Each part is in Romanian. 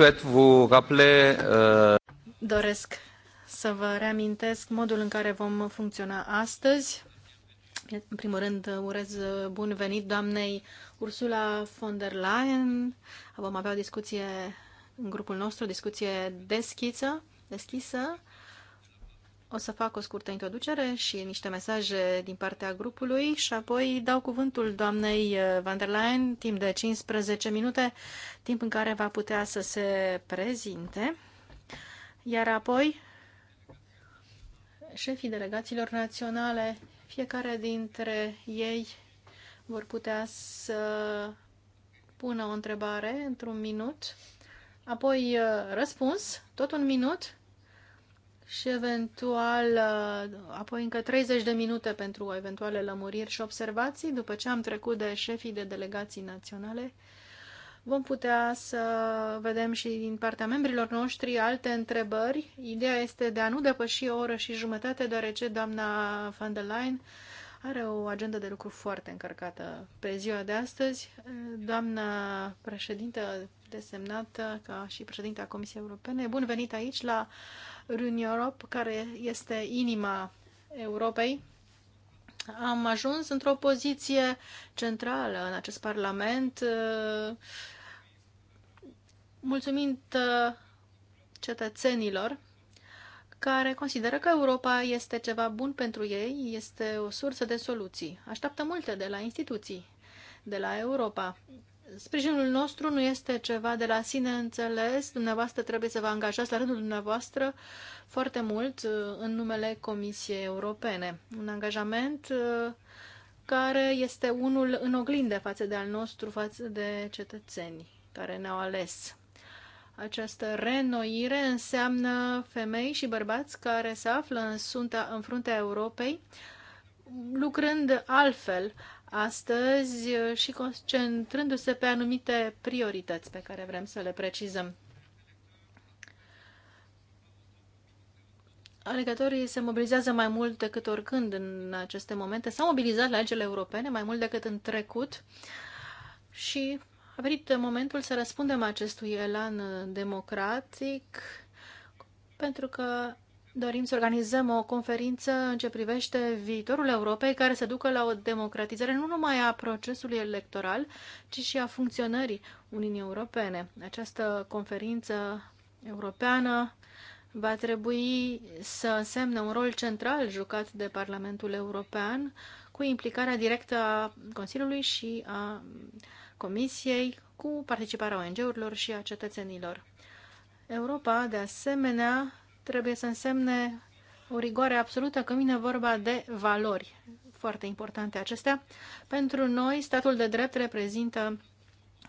Uh, Doresc să vă reamintesc modul în care vom funcționa astăzi. În primul rând, urez bun venit doamnei Ursula von der Leyen. Vom avea o discuție în grupul nostru, o discuție deschisă, deschisă o să fac o scurtă introducere și niște mesaje din partea grupului și apoi dau cuvântul doamnei uh, van der Leyen timp de 15 minute, timp în care va putea să se prezinte. Iar apoi, șefii delegațiilor naționale, fiecare dintre ei vor putea să pună o întrebare într-un minut, apoi uh, răspuns, tot un minut, și eventual uh, apoi încă 30 de minute pentru eventuale lămuriri și observații. După ce am trecut de șefii de delegații naționale, vom putea să vedem și din partea membrilor noștri alte întrebări. Ideea este de a nu depăși o oră și jumătate, deoarece doamna van der Leyen are o agendă de lucru foarte încărcată pe ziua de astăzi. Doamna președintă desemnată ca și a Comisiei Europene, bun venit aici la Run Europe, care este inima Europei, am ajuns într-o poziție centrală în acest Parlament, uh, mulțumind cetățenilor care consideră că Europa este ceva bun pentru ei, este o sursă de soluții. Așteaptă multe de la instituții, de la Europa sprijinul nostru nu este ceva de la sine înțeles. Dumneavoastră trebuie să vă angajați la rândul dumneavoastră foarte mult uh, în numele Comisiei Europene. Un angajament uh, care este unul în oglindă față de al nostru, față de cetățenii care ne-au ales. Această renoire înseamnă femei și bărbați care se află în, sunta, în fruntea Europei, lucrând altfel astăzi uh, și concentrându-se pe anumite priorități pe care vrem să le precizăm. Alegătorii se mobilizează mai mult decât oricând în aceste momente. S-au mobilizat la legile europene mai mult decât în trecut și a venit momentul să răspundem acestui elan democratic pentru că dorim să organizăm o conferință în ce privește viitorul Europei care să ducă la o democratizare nu numai a procesului electoral, ci și a funcționării Uniunii Europene. Această conferință europeană va trebui să însemne un rol central jucat de Parlamentul European cu implicarea directă a Consiliului și a Comisiei, cu participarea ONG-urilor și a cetățenilor. Europa, de asemenea, trebuie să însemne o rigoare absolută când vine vorba de valori. Foarte importante acestea. Pentru noi, statul de drept reprezintă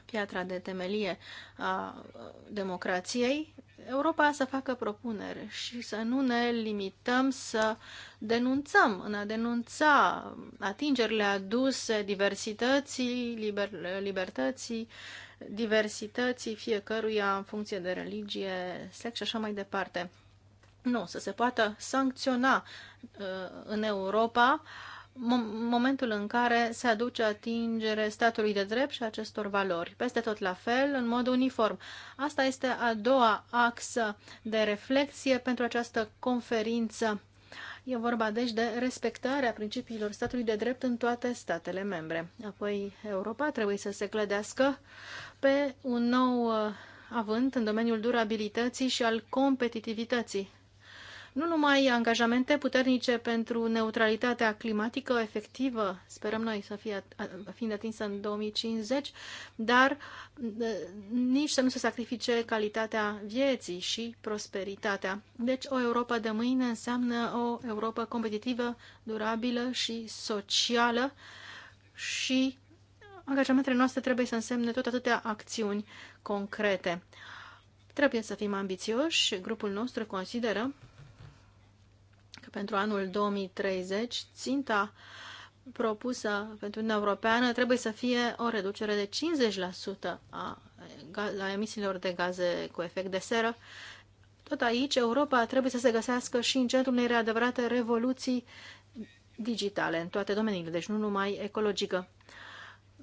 piatra de temelie a democrației, Europa să facă propuneri și să nu ne limităm să denunțăm, în a denunța atingerile aduse diversității, liber, libertății, diversității fiecăruia în funcție de religie, sex și așa mai departe nu, să se poată sancționa uh, în Europa momentul în care se aduce atingere statului de drept și acestor valori. Peste tot la fel, în mod uniform. Asta este a doua axă de reflexie pentru această conferință. E vorba deci de respectarea principiilor statului de drept în toate statele membre. Apoi Europa trebuie să se clădească pe un nou uh, avânt în domeniul durabilității și al competitivității nu numai angajamente puternice pentru neutralitatea climatică efectivă, sperăm noi să fie fiind atinsă în 2050, dar nici să nu se sacrifice calitatea vieții și prosperitatea. Deci o Europa de mâine înseamnă o Europa competitivă, durabilă și socială și angajamentele noastre trebuie să însemne tot atâtea acțiuni concrete. Trebuie să fim ambițioși, grupul nostru consideră pentru anul 2030, ținta propusă pentru Uniunea Europeană trebuie să fie o reducere de 50% a, a emisiilor de gaze cu efect de seră. Tot aici, Europa trebuie să se găsească și în centrul unei adevărate revoluții digitale în toate domeniile, deci nu numai ecologică.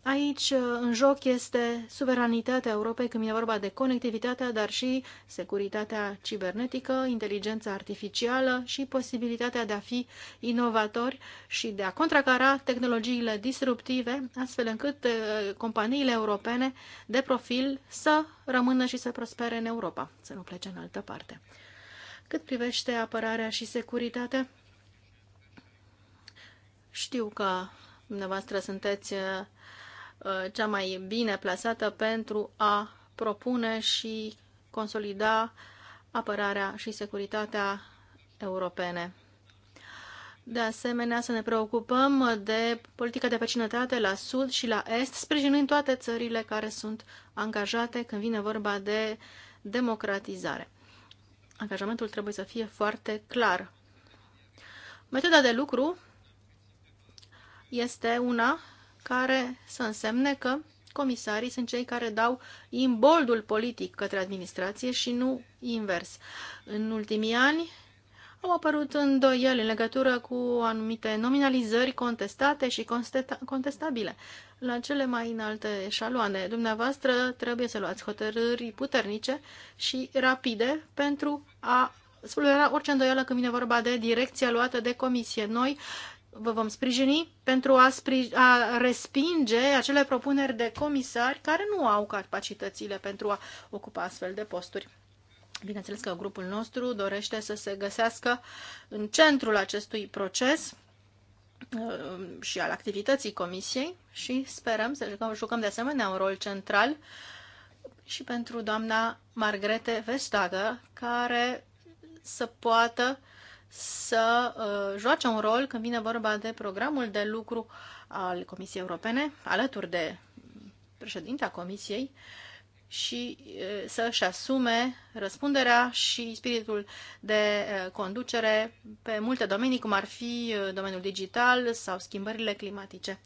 Aici uh, în joc este suveranitatea Europei când e vorba de conectivitatea, dar și securitatea cibernetică, inteligența artificială și posibilitatea de a fi inovatori și de a contracara tehnologiile disruptive, astfel încât uh, companiile europene de profil să rămână și să prospere în Europa, să nu plece în altă parte. Cât privește apărarea și securitatea, știu că dumneavoastră sunteți uh, Uh, cea mai bine plasată pentru a propune și consolida apărarea și securitatea europene. De asemenea, să ne preocupăm de politica de vecinătate la sud și la est, sprijinând toate țările care sunt angajate când vine vorba de democratizare. Angajamentul trebuie să fie foarte clar. Metoda de lucru este una care să însemne că comisarii sunt cei care dau imboldul politic către administrație și nu invers. În ultimii ani au apărut îndoieli în legătură cu anumite nominalizări contestate și contestabile la cele mai înalte eșaloane. Dumneavoastră trebuie să luați hotărâri puternice și rapide pentru a spulbera orice îndoială când vine vorba de direcția luată de comisie. Noi vă vom sprijini pentru a, spri, a respinge acele propuneri de comisari care nu au capacitățile pentru a ocupa astfel de posturi. Bineînțeles că grupul nostru dorește să se găsească în centrul acestui proces uh, și al activității comisiei și sperăm să jucăm, jucăm de asemenea un rol central și pentru doamna Margrete Vestager, care să poată uh, să uh, joace un rol când vine vorba de programul de lucru al Comisiei Europene, alături de președinta Comisiei, și uh, să-și asume răspunderea și spiritul de uh, conducere pe multe domenii, cum ar fi domeniul digital sau schimbările climatice.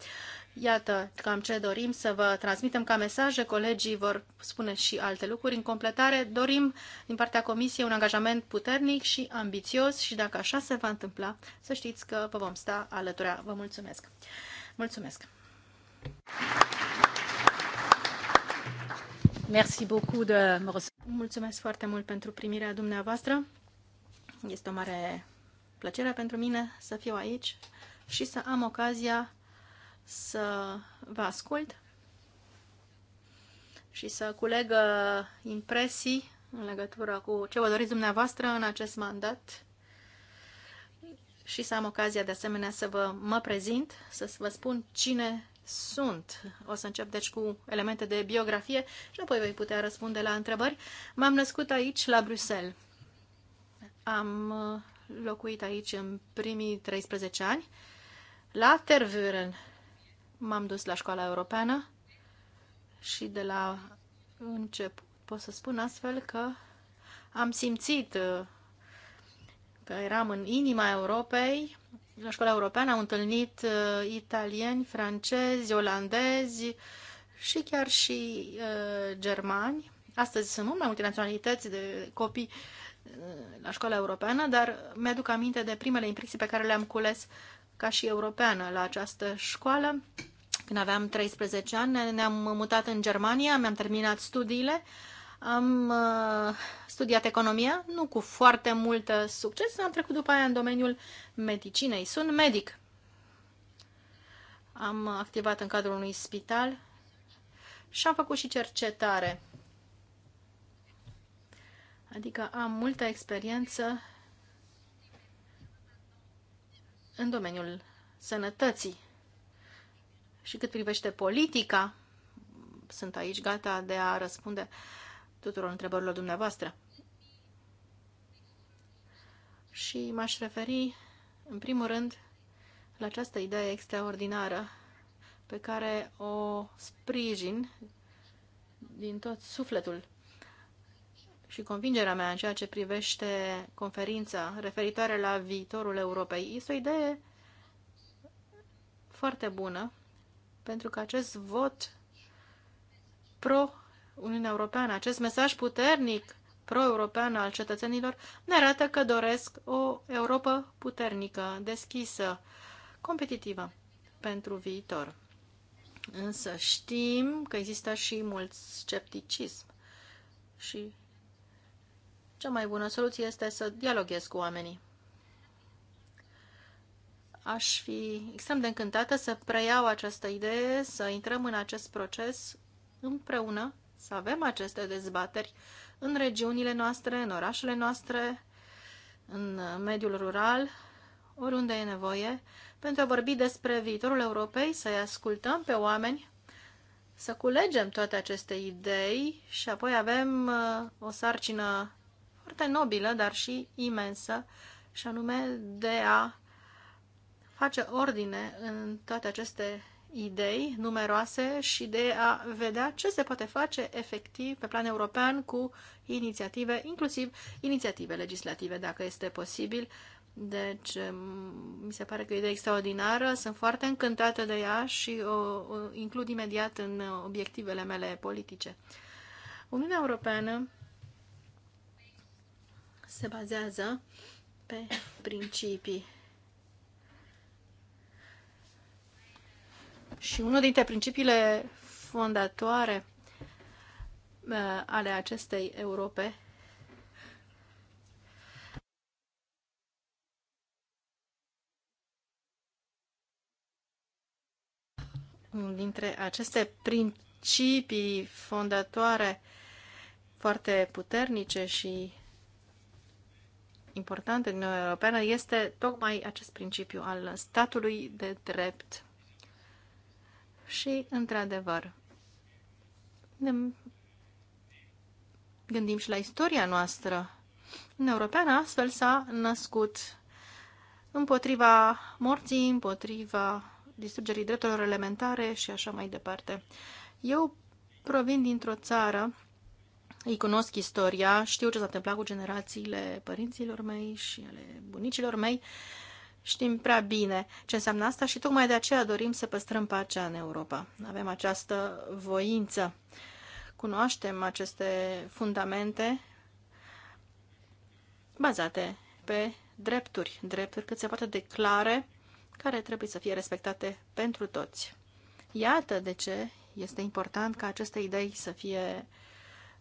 Iată cam ce dorim să vă transmitem ca mesaje. Colegii vor spune și alte lucruri. În completare, dorim din partea Comisiei un angajament puternic și ambițios și dacă așa se va întâmpla, să știți că vă vom sta alătura. Vă mulțumesc! Mulțumesc! Merci beaucoup de... Mulțumesc foarte mult pentru primirea dumneavoastră. Este o mare plăcere pentru mine să fiu aici și să am ocazia să vă ascult și să culeg impresii în legătură cu ce vă doriți dumneavoastră în acest mandat și să am ocazia de asemenea să vă mă prezint, să vă spun cine sunt. O să încep deci cu elemente de biografie și apoi voi putea răspunde la întrebări. M-am născut aici, la Bruxelles. Am uh, locuit aici în primii 13 ani, la Tervuren, m-am dus la școala europeană și de la început pot să spun astfel că am simțit uh, că eram în inima Europei. La școala europeană am întâlnit uh, italieni, francezi, olandezi și chiar și uh, germani. Astăzi sunt mult mai multe naționalități de copii la școala europeană, dar mi-aduc aminte de primele impresii pe care le-am cules ca și europeană la această școală când aveam 13 ani, ne-am mutat în Germania, mi-am terminat studiile, am uh, studiat economia, nu cu foarte mult uh, succes, am trecut după aia în domeniul medicinei. Sunt medic. Am activat în cadrul unui spital și am făcut și cercetare. Adică am multă experiență în domeniul sănătății. Și cât privește politica, sunt aici gata de a răspunde tuturor întrebărilor dumneavoastră. Și m-aș referi, în primul rând, la această idee extraordinară pe care o sprijin din tot sufletul și convingerea mea în ceea ce privește conferința referitoare la viitorul Europei. Este o idee foarte bună pentru că acest vot pro-Uniunea Europeană, acest mesaj puternic pro-european al cetățenilor, ne arată că doresc o Europa puternică, deschisă, competitivă pentru viitor. Însă știm că există și mult scepticism și cea mai bună soluție este să dialoghezi cu oamenii aș fi extrem de încântată să preiau această idee, să intrăm în acest proces împreună, să avem aceste dezbateri în regiunile noastre, în orașele noastre, în mediul rural, oriunde e nevoie, pentru a vorbi despre viitorul Europei, să-i ascultăm pe oameni, să culegem toate aceste idei și apoi avem uh, o sarcină foarte nobilă, dar și imensă, și anume de a face ordine în toate aceste idei numeroase și de a vedea ce se poate face efectiv pe plan european cu inițiative, inclusiv inițiative legislative, dacă este posibil. Deci, mi se pare că e o idee extraordinară, sunt foarte încântată de ea și o, o includ imediat în obiectivele mele politice. Uniunea Europeană se bazează pe principii Și unul dintre principiile fondatoare uh, ale acestei Europe unul dintre aceste principii fondatoare foarte puternice și importante din Uniunea Europeană este tocmai acest principiu al statului de drept și, într-adevăr, ne gândim și la istoria noastră. În europeană astfel s-a născut împotriva morții, împotriva distrugerii drepturilor elementare și așa mai departe. Eu provin dintr-o țară, îi cunosc istoria, știu ce s-a întâmplat cu generațiile părinților mei și ale bunicilor mei Știm prea bine ce înseamnă asta și tocmai de aceea dorim să păstrăm pacea în Europa. Avem această voință. Cunoaștem aceste fundamente bazate pe drepturi, drepturi cât se poate de clare, care trebuie să fie respectate pentru toți. Iată de ce este important ca aceste idei să fie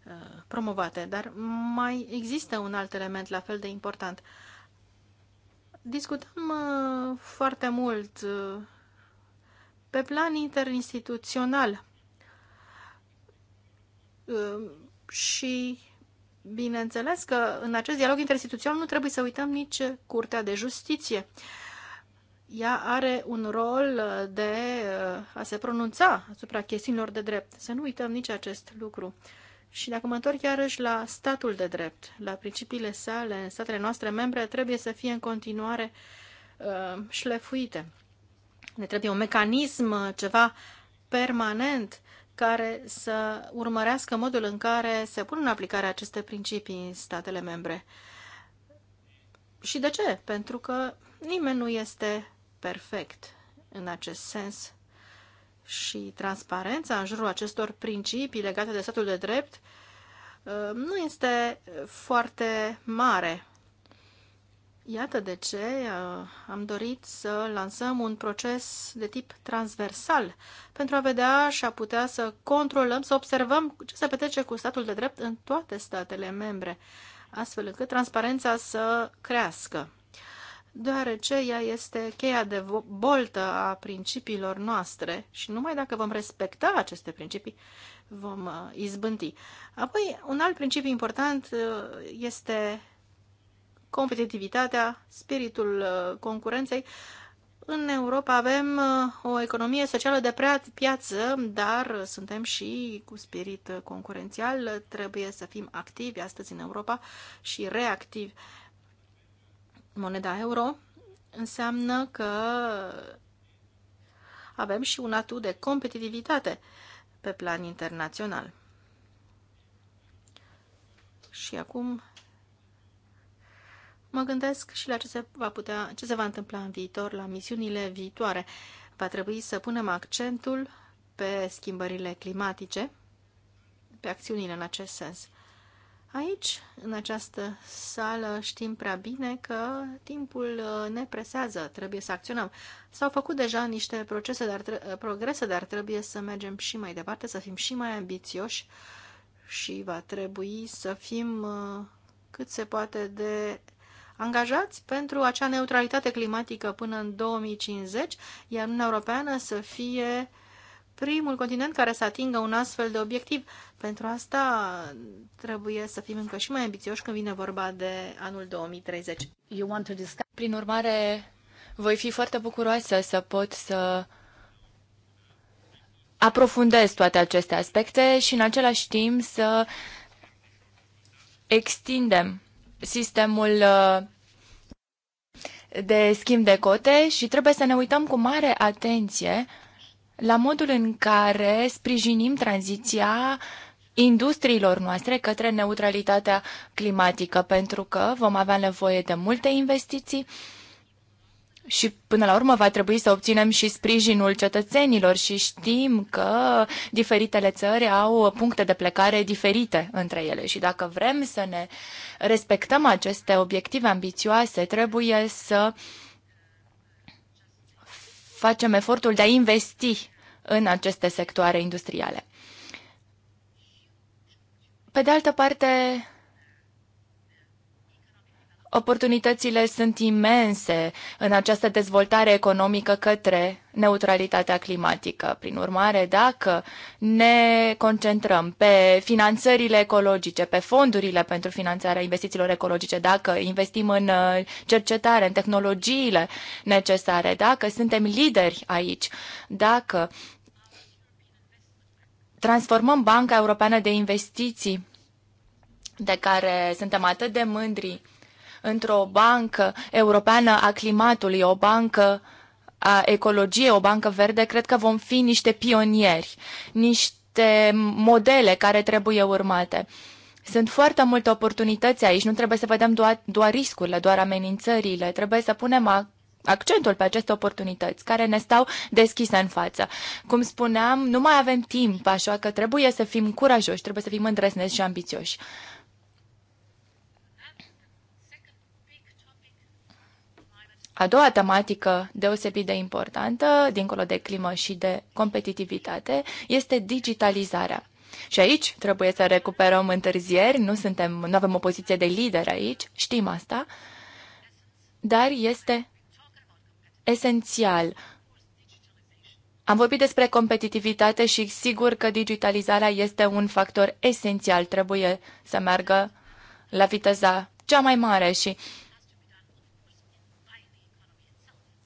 uh, promovate, dar mai există un alt element la fel de important Discutăm uh, foarte mult uh, pe plan interinstituțional uh, și bineînțeles că în acest dialog interinstituțional nu trebuie să uităm nici Curtea de Justiție. Ea are un rol de a se pronunța asupra chestiunilor de drept. Să nu uităm nici acest lucru. Și dacă mă întorc iarăși la statul de drept, la principiile sale în statele noastre membre, trebuie să fie în continuare uh, șlefuite. Ne trebuie un mecanism, uh, ceva permanent, care să urmărească modul în care se pun în aplicare aceste principii în statele membre. Și de ce? Pentru că nimeni nu este perfect în acest sens și transparența în jurul acestor principii legate de statul de drept uh, nu este foarte mare. Iată de ce uh, am dorit să lansăm un proces de tip transversal pentru a vedea și a putea să controlăm, să observăm ce se petrece cu statul de drept în toate statele membre, astfel încât transparența să crească deoarece ea este cheia de boltă a principiilor noastre și numai dacă vom respecta aceste principii, vom uh, izbânti. Apoi, un alt principiu important uh, este competitivitatea, spiritul uh, concurenței. În Europa avem o economie socială de prea piață, dar suntem și cu spirit concurențial. Trebuie să fim activi astăzi în Europa și reactivi moneda euro, înseamnă că avem și un atu de competitivitate pe plan internațional. Și acum mă gândesc și la ce se, va putea, ce se va întâmpla în viitor, la misiunile viitoare. Va trebui să punem accentul pe schimbările climatice, pe acțiunile în acest sens. Aici, în această sală, știm prea bine că timpul uh, ne presează, trebuie să acționăm. S-au făcut deja niște procese, dar, uh, progrese, dar trebuie să mergem și mai departe, să fim și mai ambițioși și va trebui să fim uh, cât se poate de angajați pentru acea neutralitate climatică până în 2050, iar Uniunea Europeană să fie uh, primul continent care să atingă un astfel de obiectiv. Pentru asta trebuie să fim încă și mai ambițioși când vine vorba de anul 2030. You want to discuss... Prin urmare, voi fi foarte bucuroasă să pot să aprofundez toate aceste aspecte și în același timp să extindem sistemul uh, de schimb de cote și trebuie să ne uităm cu mare atenție la modul în care sprijinim tranziția industriilor noastre către neutralitatea climatică, pentru că vom avea nevoie de multe investiții și până la urmă va trebui să obținem și sprijinul cetățenilor și știm că diferitele țări au puncte de plecare diferite între ele și dacă vrem să ne respectăm aceste obiective ambițioase, trebuie să uh, facem efortul de a investi în aceste sectoare industriale. Pe de altă parte, Oportunitățile sunt imense în această dezvoltare economică către neutralitatea climatică. Prin urmare, dacă ne concentrăm pe finanțările ecologice, pe fondurile pentru finanțarea investițiilor ecologice, dacă investim în uh, cercetare, în tehnologiile necesare, dacă suntem lideri aici, dacă transformăm Banca Europeană de Investiții, de care suntem atât de mândri, într-o bancă europeană a climatului, o bancă a ecologiei, o bancă verde, cred că vom fi niște pionieri, niște modele care trebuie urmate. Sunt foarte multe oportunități aici, nu trebuie să vedem doar, doar riscurile, doar amenințările, trebuie să punem accentul pe aceste oportunități care ne stau deschise în față. Cum spuneam, nu mai avem timp, așa că trebuie să fim curajoși, trebuie să fim îndrăzneți și ambițioși. A doua tematică deosebit de importantă, dincolo de climă și de competitivitate, este digitalizarea. Și aici trebuie să recuperăm întârzieri, nu, suntem, nu avem o poziție de lider aici, știm asta, dar este esențial. Am vorbit despre competitivitate și sigur că digitalizarea este un factor esențial. Trebuie să meargă la viteza cea mai mare și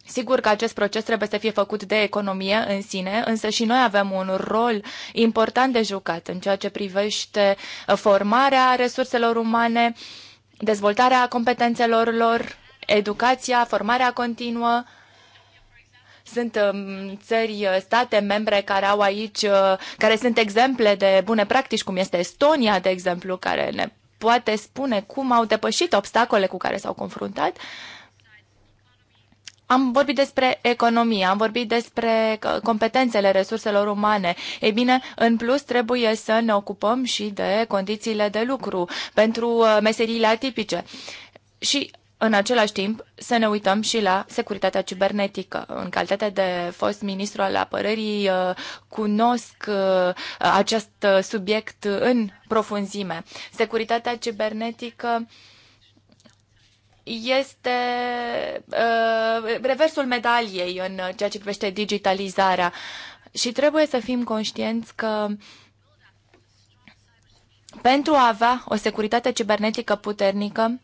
Sigur că acest proces trebuie să fie făcut de economie în sine, însă și noi avem un rol important de jucat în ceea ce privește uh, formarea resurselor umane, dezvoltarea competențelor lor, educația, formarea continuă. Sunt um, țări, uh, state membre care au aici, uh, care sunt exemple de bune practici, cum este Estonia, de exemplu, care ne poate spune cum au depășit obstacole cu care s-au confruntat. Uh, am vorbit despre economie, am vorbit despre uh, competențele resurselor umane. Ei bine, în plus trebuie să ne ocupăm și de condițiile de lucru pentru uh, meseriile atipice. Și în același timp, să ne uităm și la securitatea cibernetică. În calitate de fost ministru al apărării, uh, cunosc acest subiect în profunzime. Securitatea cibernetică este uh, reversul medaliei în ceea ce privește digitalizarea și trebuie să fim conștienți că pentru a avea o securitate cibernetică puternică,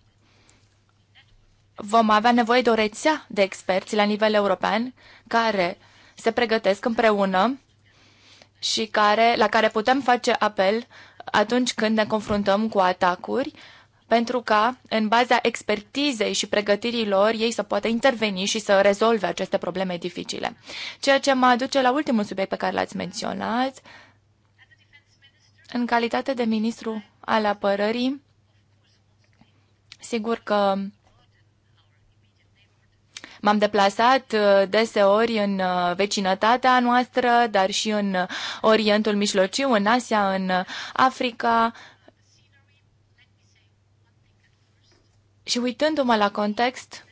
vom avea nevoie de o rețea de experți la nivel european care se pregătesc împreună și care, la care putem face apel atunci când ne confruntăm cu atacuri uh, pentru ca, în baza expertizei și pregătirii lor, ei să poată interveni și să rezolve aceste probleme dificile. Ceea ce mă aduce la ultimul subiect pe care l-ați menționat, în calitate de ministru al apărării, sigur că M-am deplasat uh, deseori în uh, vecinătatea noastră, dar și în uh, Orientul Mijlociu, în Asia, în Africa Și uitându-mă la context,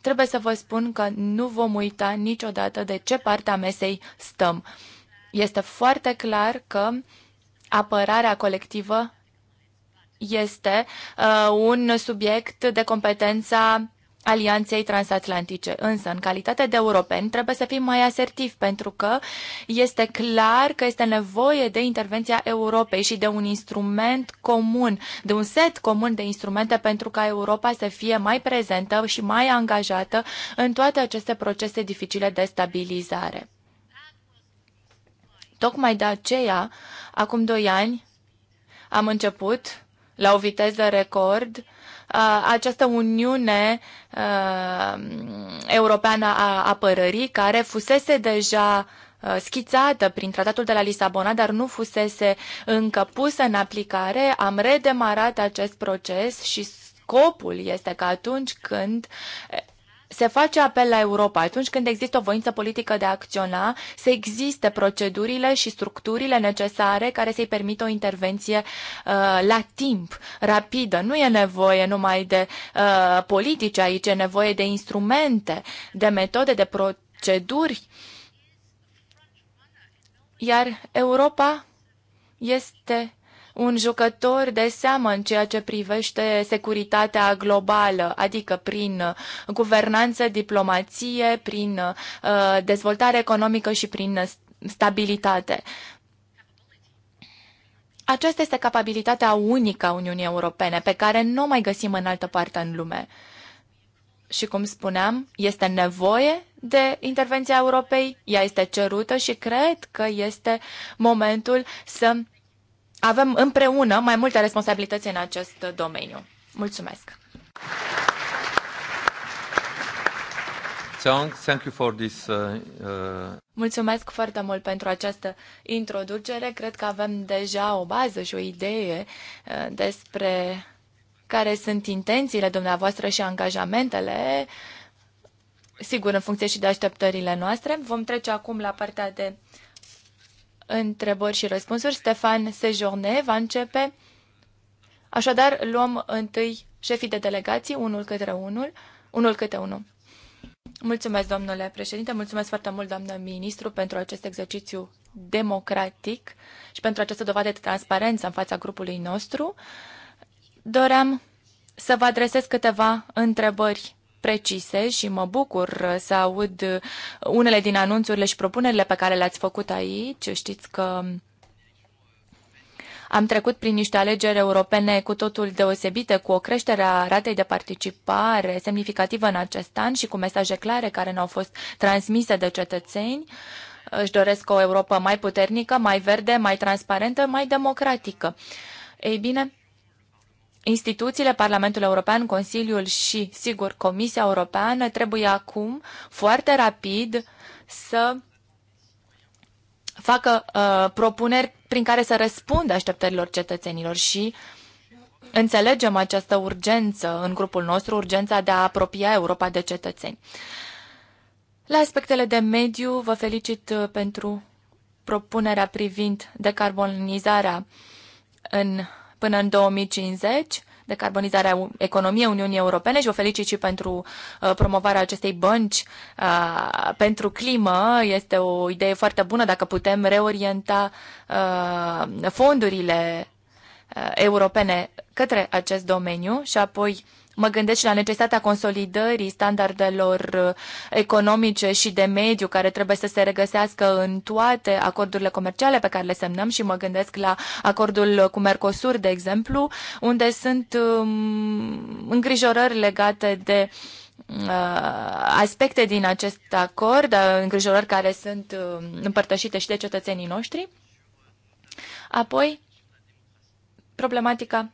trebuie să vă spun că nu vom uita niciodată de ce parte a mesei stăm. Este foarte clar că apărarea colectivă este uh, un subiect de competența alianței transatlantice. Însă, în calitate de europeni, trebuie să fim mai asertivi, pentru că este clar că este nevoie de intervenția Europei și de un instrument comun, de un set comun de instrumente pentru ca Europa să fie mai prezentă și mai angajată în toate aceste procese dificile de stabilizare. Tocmai de aceea, acum doi ani, am început la o viteză record această Uniune Europeană a Apărării, care fusese deja schițată prin tratatul de la Lisabona, dar nu fusese încă pusă în aplicare, am redemarat acest proces și scopul este că atunci când se face apel la Europa atunci când există o voință politică de a acționa, să existe procedurile și structurile necesare care să-i permită o intervenție uh, la timp, rapidă. Nu e nevoie numai de uh, politici aici, e nevoie de instrumente, de metode, de proceduri. Iar Europa este un jucător de seamă în ceea ce privește securitatea globală, adică prin uh, guvernanță, diplomație, prin uh, dezvoltare economică și prin uh, stabilitate. Aceasta este capabilitatea unică a Uniunii Europene, pe care nu o mai găsim în altă parte în lume. Și cum spuneam, este nevoie de intervenția Europei, ea este cerută și cred că este momentul să avem împreună mai multe responsabilități în acest domeniu. Mulțumesc! Thank you for this, uh, uh, Mulțumesc foarte mult pentru această introducere. Cred că avem deja o bază și o idee uh, despre care sunt intențiile dumneavoastră și angajamentele, sigur în funcție și de așteptările noastre. Vom trece acum la partea de întrebări și răspunsuri. Stefan Sejourne va începe. Așadar, luăm întâi șefii de delegații, unul către unul, unul câte unul. Mulțumesc, domnule președinte, mulțumesc foarte mult, doamnă ministru, pentru acest exercițiu democratic și pentru această dovadă de transparență în fața grupului nostru. Doream să vă adresez câteva întrebări precise și mă bucur să aud unele din anunțurile și propunerile pe care le-ați făcut aici. Știți că am trecut prin niște alegeri europene cu totul deosebite, cu o creștere a ratei de participare semnificativă în acest an și cu mesaje clare care ne-au fost transmise de cetățeni. Își doresc o Europa mai puternică, mai verde, mai transparentă, mai democratică. Ei bine, instituțiile, Parlamentul European, Consiliul și, sigur, Comisia Europeană trebuie acum, foarte rapid, să facă uh, propuneri prin care să răspundă așteptărilor cetățenilor și înțelegem această urgență în grupul nostru, urgența de a apropia Europa de cetățeni. La aspectele de mediu, vă felicit uh, pentru propunerea privind decarbonizarea în până în 2050 de carbonizarea economiei Uniunii Europene și o felicit și pentru uh, promovarea acestei bănci uh, pentru climă. Este o idee foarte bună dacă putem reorienta uh, fondurile europene către acest domeniu și apoi Mă gândesc și la necesitatea consolidării standardelor uh, economice și de mediu care trebuie să se regăsească în toate acordurile comerciale pe care le semnăm și mă gândesc la acordul cu Mercosur, de exemplu, unde sunt um, îngrijorări legate de uh, aspecte din acest acord, uh, îngrijorări care sunt um, împărtășite și de cetățenii noștri. Apoi, problematica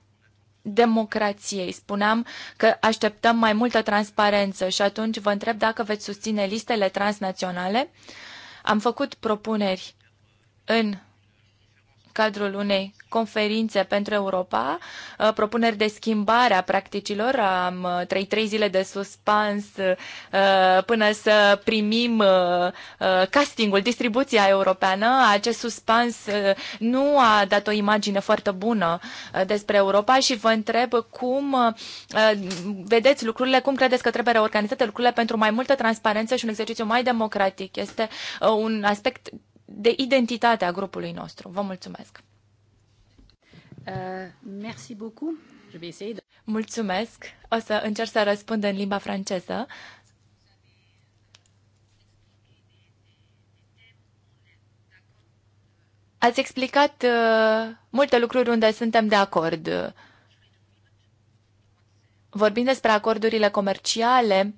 democrației. Spuneam că așteptăm mai multă transparență și atunci vă întreb dacă veți susține listele transnaționale. Am făcut propuneri în cadrul unei conferințe pentru Europa, uh, propuneri de schimbare a practicilor. Am uh, trei, trei zile de suspans uh, până să primim castingul, distribuția europeană. Acest suspans nu a dat o imagine foarte bună despre Europa și vă întreb cum vedeți lucrurile, cum credeți că trebuie reorganizate lucrurile pentru mai multă transparență și un exercițiu mai democratic. Este un aspect de identitate a grupului nostru. Vă mulțumesc! Uh, mulțumesc! O să încerc să răspund în limba franceză. Ați explicat uh, multe lucruri unde suntem de acord. Vorbind despre acordurile comerciale,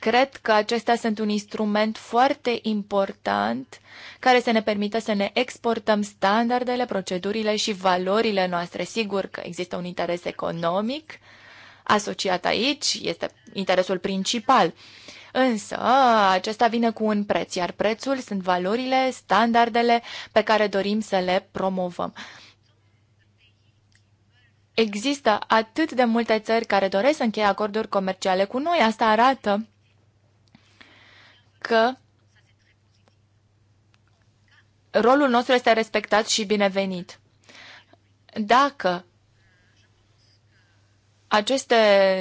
Cred că acestea sunt un instrument foarte important care să ne permită să ne exportăm standardele, procedurile și valorile noastre. Sigur că există un interes economic asociat aici, este interesul principal. Însă, acesta vine cu un preț, iar prețul sunt valorile, standardele pe care dorim să le promovăm. Există atât de multe țări care doresc să încheie acorduri comerciale cu noi, asta arată că rolul nostru este respectat și binevenit. Dacă aceste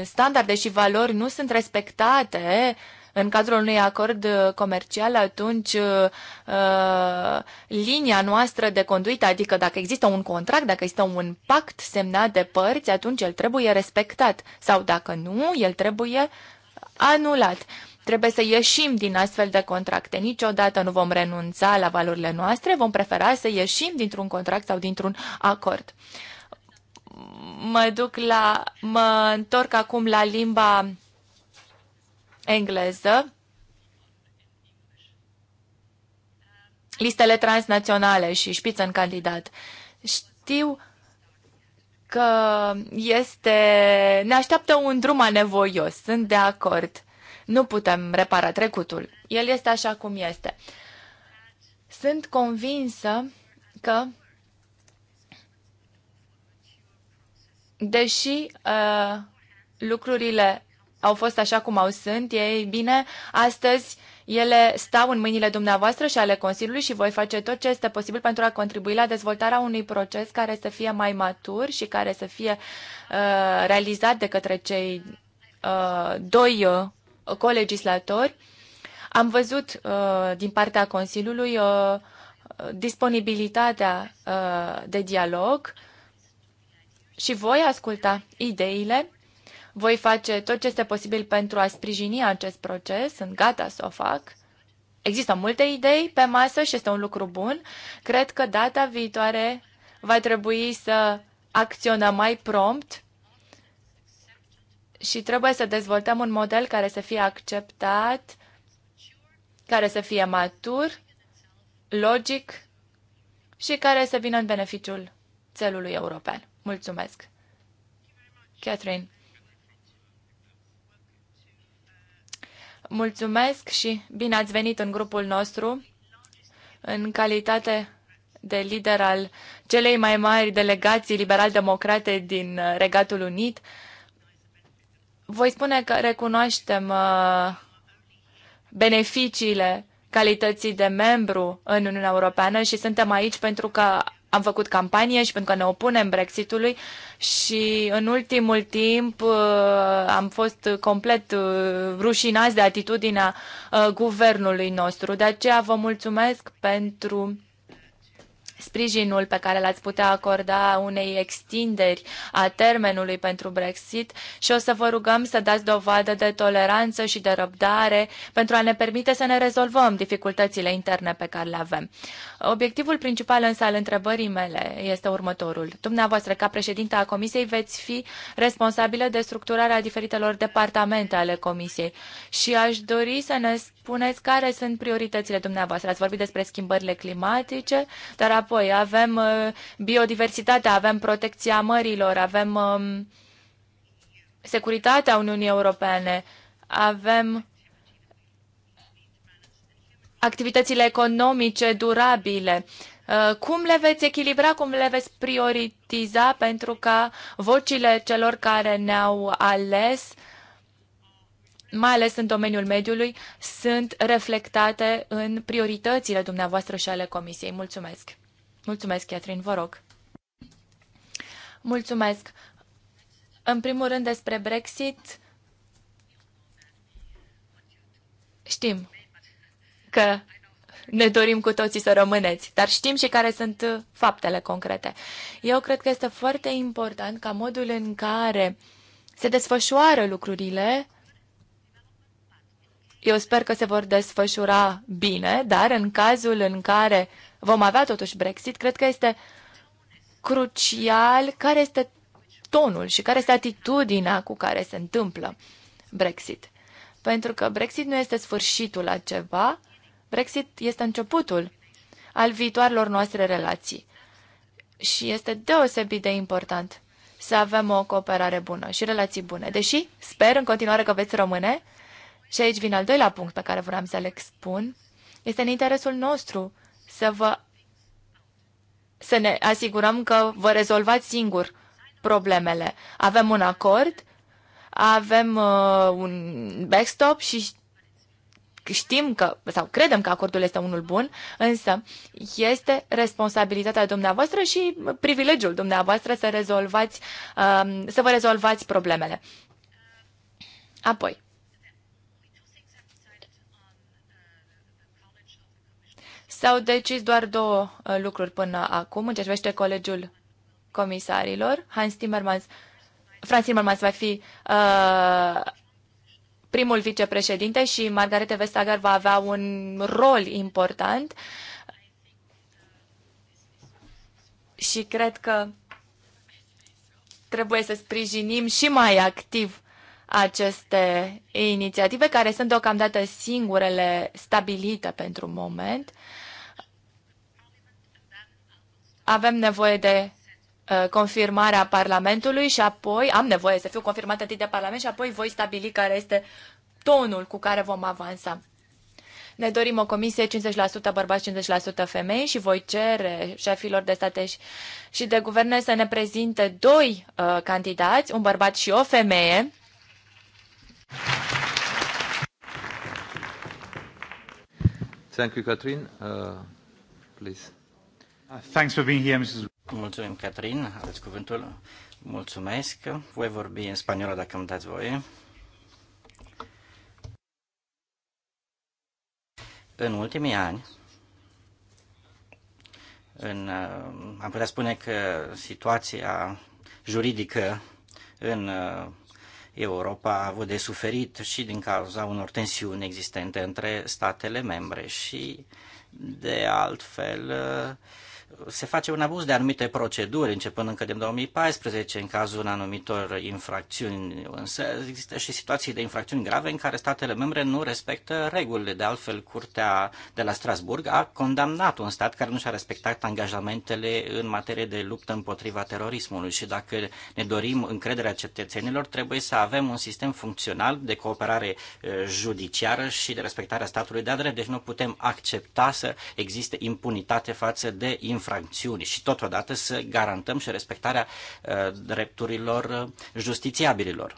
standarde și valori nu sunt respectate în cadrul unui acord comercial, atunci uh, linia noastră de conduită, adică dacă există un contract, dacă există un pact semnat de părți, atunci el trebuie respectat. Sau dacă nu, el trebuie anulat. Trebuie să ieșim din astfel de contracte. Niciodată nu vom renunța la valorile noastre, vom prefera să ieșim dintr-un contract sau dintr-un acord. Mă duc la. mă întorc acum la limba engleză. Listele transnaționale și șpiță în candidat. Știu că este, ne așteaptă un drum anevoios, sunt de acord. Nu putem repara trecutul. El este așa cum este. Sunt convinsă că deși uh, lucrurile au fost așa cum au sunt, ei bine, astăzi ele stau în mâinile dumneavoastră și ale Consiliului și voi face tot ce este posibil pentru a contribui la dezvoltarea unui proces care să fie mai matur și care să fie uh, realizat de către cei uh, doi uh, colegislatori, am văzut uh, din partea Consiliului uh, disponibilitatea uh, de dialog și voi asculta ideile, voi face tot ce este posibil pentru a sprijini acest proces, sunt gata să o fac. Există multe idei pe masă și este un lucru bun. Cred că data viitoare va trebui să acționăm mai prompt și trebuie să dezvoltăm un model care să fie acceptat, care să fie matur, logic și care să vină în beneficiul țelului european. Mulțumesc! Catherine. Mulțumesc și bine ați venit în grupul nostru în calitate de lider al celei mai mari delegații liberal-democrate din Regatul Unit voi spune că recunoaștem uh, beneficiile calității de membru în Uniunea Europeană și suntem aici pentru că am făcut campanie și pentru că ne opunem Brexitului și în ultimul timp uh, am fost complet uh, rușinați de atitudinea guvernului nostru. De aceea vă mulțumesc pentru sprijinul pe care l-ați putea acorda unei extinderi a termenului pentru Brexit și o să vă rugăm să dați dovadă de toleranță și de răbdare pentru a ne permite să ne rezolvăm dificultățile interne pe care le avem. Obiectivul principal însă al întrebării mele este următorul. Dumneavoastră, ca președinte a Comisiei, veți fi responsabilă de structurarea diferitelor departamente ale Comisiei și aș dori să ne spuneți care sunt prioritățile dumneavoastră. Ați vorbit despre schimbările climatice, dar Apoi avem uh, biodiversitatea, avem protecția mărilor, avem um, securitatea Uniunii Europene, avem activitățile economice durabile. Uh, cum le veți echilibra, cum le veți prioritiza pentru ca vocile celor care ne-au ales, mai ales în domeniul mediului, sunt reflectate în prioritățile dumneavoastră și ale Comisiei? Mulțumesc! Mulțumesc, Catherine, vă rog. Mulțumesc. În primul rând despre Brexit, știm că ne dorim cu toții să rămâneți, dar știm și care sunt faptele concrete. Eu cred că este foarte important ca modul în care se desfășoară lucrurile, eu sper că se vor desfășura bine, dar în cazul în care vom avea totuși Brexit, cred că este crucial care este tonul și care este atitudinea cu care se întâmplă Brexit. Pentru că Brexit nu este sfârșitul la ceva, Brexit este începutul al viitoarelor noastre relații. Și este deosebit de important să avem o cooperare bună și relații bune. Deși sper în continuare că veți rămâne, și aici vine al doilea punct pe care vreau să-l expun, este în interesul nostru să vă să ne asigurăm că vă rezolvați singur problemele. Avem un acord, avem uh, un backstop și știm că, sau credem că acordul este unul bun, însă este responsabilitatea dumneavoastră și privilegiul dumneavoastră să rezolvați, uh, să vă rezolvați problemele. Apoi, S-au decis doar două uh, lucruri până acum în ce privește colegiul comisarilor. Hans Timmermans, Franz Timmermans va fi uh, primul vicepreședinte și Margarete Vestager va avea un rol important. Și cred că trebuie să sprijinim și mai activ aceste inițiative, care sunt deocamdată singurele stabilite pentru moment. Uh, avem nevoie de uh, confirmarea Parlamentului și apoi am nevoie să fiu confirmată întâi de Parlament și apoi voi stabili care este tonul cu care vom avansa. Ne dorim o comisie 50% bărbați, 50% femei și voi cere șefilor de state și de guverne să ne prezinte doi uh, candidați, un bărbat și o femeie. Thank you, Catherine. Uh, please. Thanks for being here, Mrs. Mulțumim, Catrin. Aveți cuvântul. Mulțumesc. Voi vorbi în spaniolă dacă îmi dați voie. În ultimii ani, în, uh, am putea spune că situația juridică în uh, Europa a avut de suferit și din cauza unor tensiuni existente între statele membre și, de altfel, uh, se face un abuz de anumite proceduri, începând încă din 2014, în cazul anumitor infracțiuni. Însă există și situații de infracțiuni grave în care statele membre nu respectă regulile. De altfel, Curtea de la Strasburg a condamnat un stat care nu și-a respectat angajamentele în materie de luptă împotriva terorismului. Și dacă ne dorim încrederea cetățenilor, trebuie să avem un sistem funcțional de cooperare eh, judiciară și de respectarea statului de drept. Deci nu putem accepta să existe impunitate față de infracțiuni infracțiuni și totodată să garantăm și respectarea uh, drepturilor uh, justițiabililor.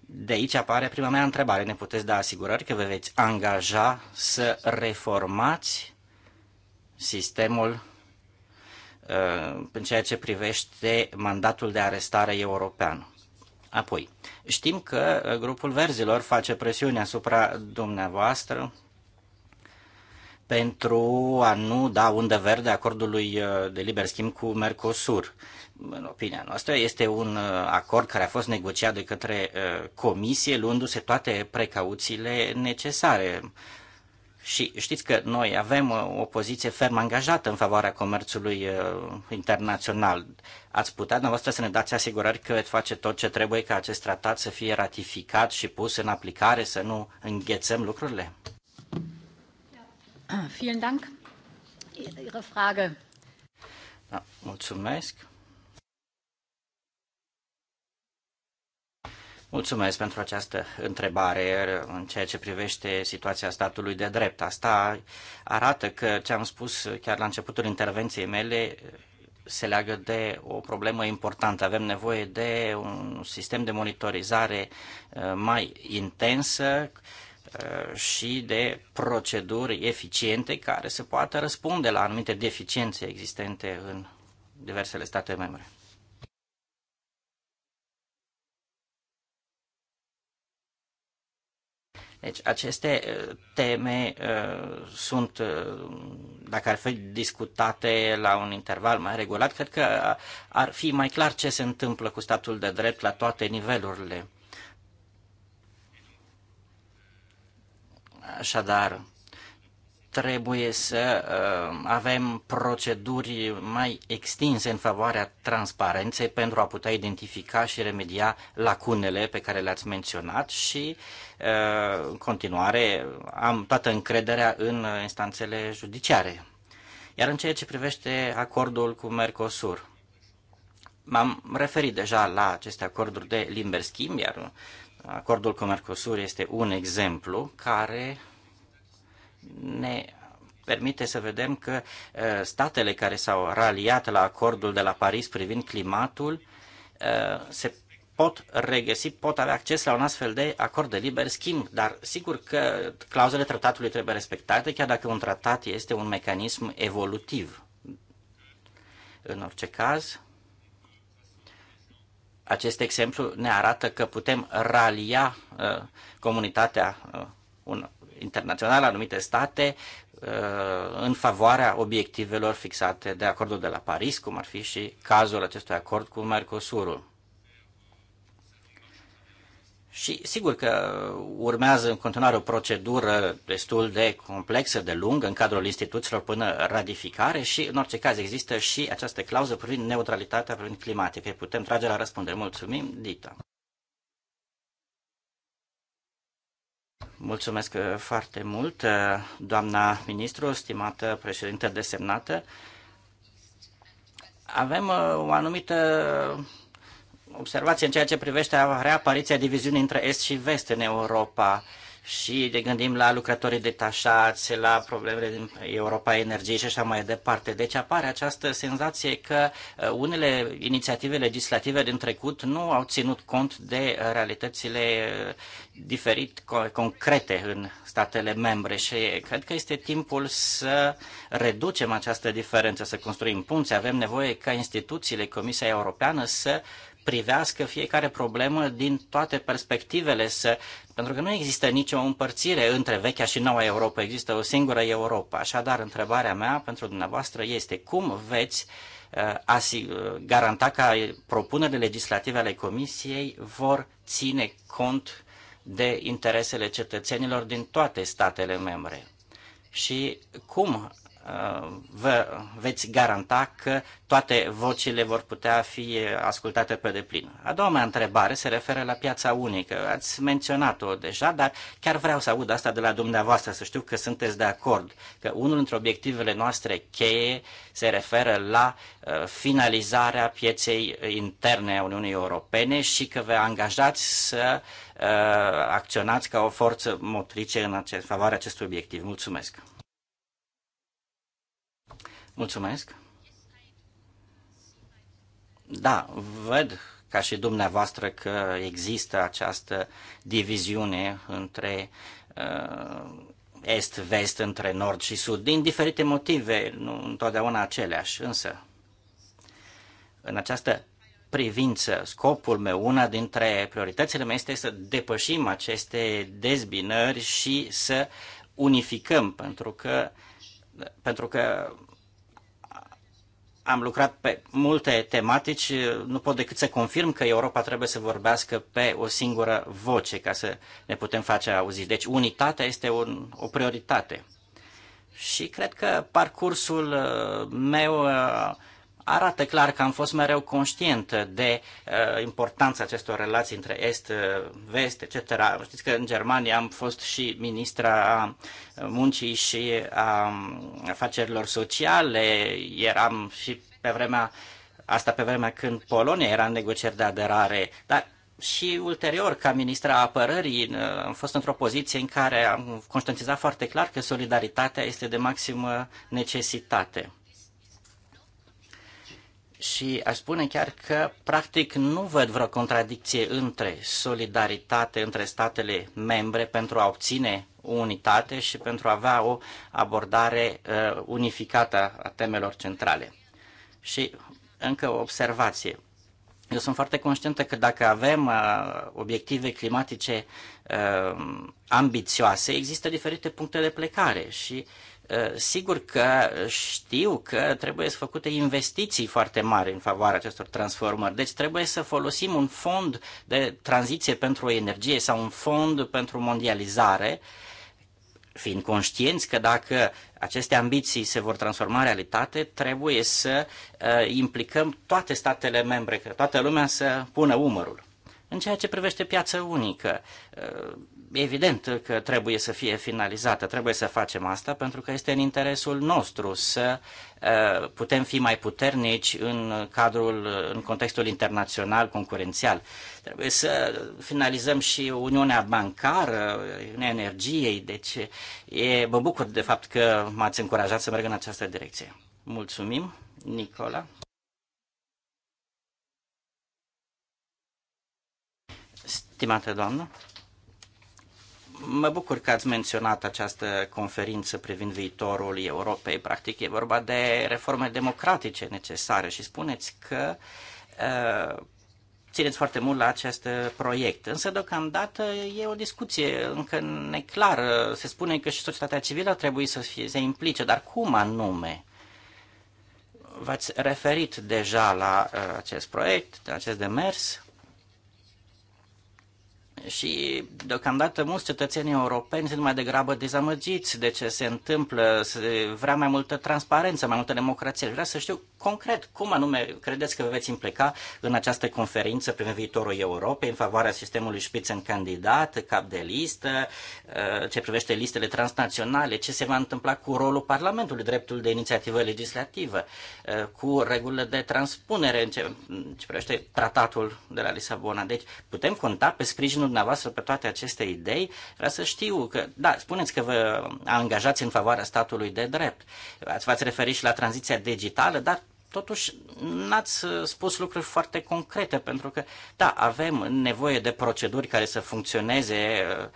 De aici apare prima mea întrebare. Ne puteți da asigurări că vă veți angaja să reformați sistemul uh, în ceea ce privește mandatul de arestare european. Apoi, știm că grupul verzilor face presiune asupra dumneavoastră pentru a nu da undă verde acordului uh, de liber schimb cu Mercosur. În opinia noastră, este un uh, acord care a fost negociat de către uh, comisie, luându-se toate precauțiile necesare. Și știți că noi avem o poziție ferm angajată în favoarea comerțului internațional. Ați putea, dumneavoastră, să ne dați asigurări că veți face tot ce trebuie ca acest tratat să fie ratificat și pus în aplicare, să nu înghețăm lucrurile? Ah, vielen Dank. Ihre Frage. Da, mulțumesc. Mulțumesc pentru această întrebare în ceea ce privește situația statului de drept. Asta arată că ce am spus chiar la începutul intervenției mele se leagă de o problemă importantă. Avem nevoie de un sistem de monitorizare eh, mai intensă Uh, și de proceduri eficiente care să poată răspunde la anumite deficiențe existente în diversele state membre. Deci aceste uh, teme uh, sunt, dacă ar fi discutate la un interval mai regulat, cred că ar fi mai clar ce se întâmplă cu statul de drept la toate nivelurile. Așadar, trebuie să uh, avem proceduri mai extinse în favoarea transparenței pentru a putea identifica și remedia lacunele pe care le-ați menționat și uh, în continuare am toată încrederea în instanțele judiciare. Iar în ceea ce privește acordul cu Mercosur, m-am referit deja la aceste acorduri de liber schimb, iar Acordul cu Mercosur este un exemplu care ne permite să vedem că uh, statele care s-au raliat la acordul de la Paris privind climatul uh, se pot regăsi, pot avea acces la un astfel de acord de liber schimb, dar sigur că clauzele tratatului trebuie respectate, chiar dacă un tratat este un mecanism evolutiv. În orice caz, acest exemplu ne arată că putem ralia uh, comunitatea uh, un, internațională, anumite state, uh, în favoarea obiectivelor fixate de acordul de la Paris, cum ar fi și cazul acestui acord cu Mercosurul. Și sigur că urmează în continuare o procedură destul de complexă, de lungă, în cadrul instituțiilor până ratificare și, în orice caz, există și această clauză privind neutralitatea privind climatică. Putem trage la răspundere. Mulțumim, Dita. Mulțumesc uh, foarte mult, uh, doamna ministru, stimată președintă desemnată. Avem uh, o anumită observație în ceea ce privește reapariția diviziunii între Est și Vest în Europa și ne gândim la lucrătorii detașați, la problemele din Europa Energiei și așa mai departe. Deci apare această senzație că uh, unele inițiative legislative din trecut nu au ținut cont de realitățile uh, diferit concrete în statele membre și cred că este timpul să reducem această diferență, să construim punți. Avem nevoie ca instituțiile, Comisia Europeană să privească fiecare problemă din toate perspectivele, să, pentru că nu există nicio împărțire între vechea și noua Europa, există o singură Europa. Așadar, întrebarea mea pentru dumneavoastră este cum veți uh, uh garanta că propunerile legislative ale Comisiei vor ține cont de interesele cetățenilor din toate statele membre și cum Uh, vă veți garanta că toate vocile vor putea fi ascultate pe deplin. A doua mea întrebare se referă la piața unică. Ați menționat-o deja, dar chiar vreau să aud asta de la dumneavoastră, să știu că sunteți de acord, că unul dintre obiectivele noastre cheie se referă la uh, finalizarea pieței interne a Uniunii Europene și că vă angajați să uh, acționați ca o forță motrice în acest, favoarea acestui obiectiv. Mulțumesc! Mulțumesc. Da, văd ca și dumneavoastră că există această diviziune între uh, est-vest, între nord și sud, din diferite motive, nu întotdeauna aceleași, însă în această privință, scopul meu, una dintre prioritățile mele este să depășim aceste dezbinări și să unificăm, pentru că, pentru că am lucrat pe multe tematici, nu pot decât să confirm că Europa trebuie să vorbească pe o singură voce ca să ne putem face auziți. Deci unitatea este un, o prioritate. Și cred că parcursul uh, meu uh, arată clar că am fost mereu conștient de uh, importanța acestor relații între Est, uh, Vest, etc. Știți că în Germania am fost și ministra muncii și a um, afacerilor sociale, eram și pe vremea asta pe vremea când Polonia era în negocieri de aderare, dar și ulterior, ca ministra apărării, uh, am fost într-o poziție în care am conștientizat foarte clar că solidaritatea este de maximă necesitate. Și aș spune chiar că, practic, nu văd vreo contradicție între solidaritate între statele membre pentru a obține unitate și pentru a avea o abordare uh, unificată a temelor centrale. Și încă o observație. Eu sunt foarte conștientă că dacă avem uh, obiective climatice uh, ambițioase, există diferite puncte de plecare și uh, Ă, sigur că știu că trebuie să făcute investiții foarte mari în favoarea acestor transformări, deci trebuie să folosim un fond de tranziție pentru energie sau un fond pentru mondializare, fiind conștienți că dacă aceste ambiții se vor transforma în realitate, trebuie să ă, implicăm toate statele membre, că toată lumea să pună umărul. În ceea ce privește piața unică, ă, evident că trebuie să fie finalizată, trebuie să facem asta pentru că este în interesul nostru să uh, putem fi mai puternici în cadrul, în contextul internațional concurențial. Trebuie să finalizăm și Uniunea Bancară, Uniunea Energiei, deci e, mă bucur de fapt că m-ați încurajat să merg în această direcție. Mulțumim, Nicola. Stimată doamnă. Mă bucur că ați menționat această conferință privind viitorul Europei. Practic e vorba de reforme democratice necesare și spuneți că uh, țineți foarte mult la acest proiect. Însă, deocamdată, e o discuție încă neclară. Se spune că și societatea civilă ar trebui să fie, se implice, dar cum anume? V-ați referit deja la uh, acest proiect, la acest demers. Și deocamdată mulți cetățeni europeni sunt mai degrabă dezamăgiți de ce se întâmplă, se vrea mai multă transparență, mai multă democrație. Vrea să știu concret, cum anume credeți că vă veți implica în această conferință privind viitorul Europei în favoarea sistemului Spitzenkandidat, cap de listă, uh, ce privește listele transnaționale, ce se va întâmpla cu rolul Parlamentului, dreptul de inițiativă legislativă, uh, cu regulile de transpunere în ce, ce privește tratatul de la Lisabona. Deci putem conta pe sprijinul dumneavoastră pe toate aceste idei. Vreau să știu că, da, spuneți că vă angajați în favoarea statului de drept. V-ați referit și la tranziția digitală, dar Totuși, n-ați uh, spus lucruri foarte concrete, pentru că, da, avem nevoie de proceduri care să funcționeze uh,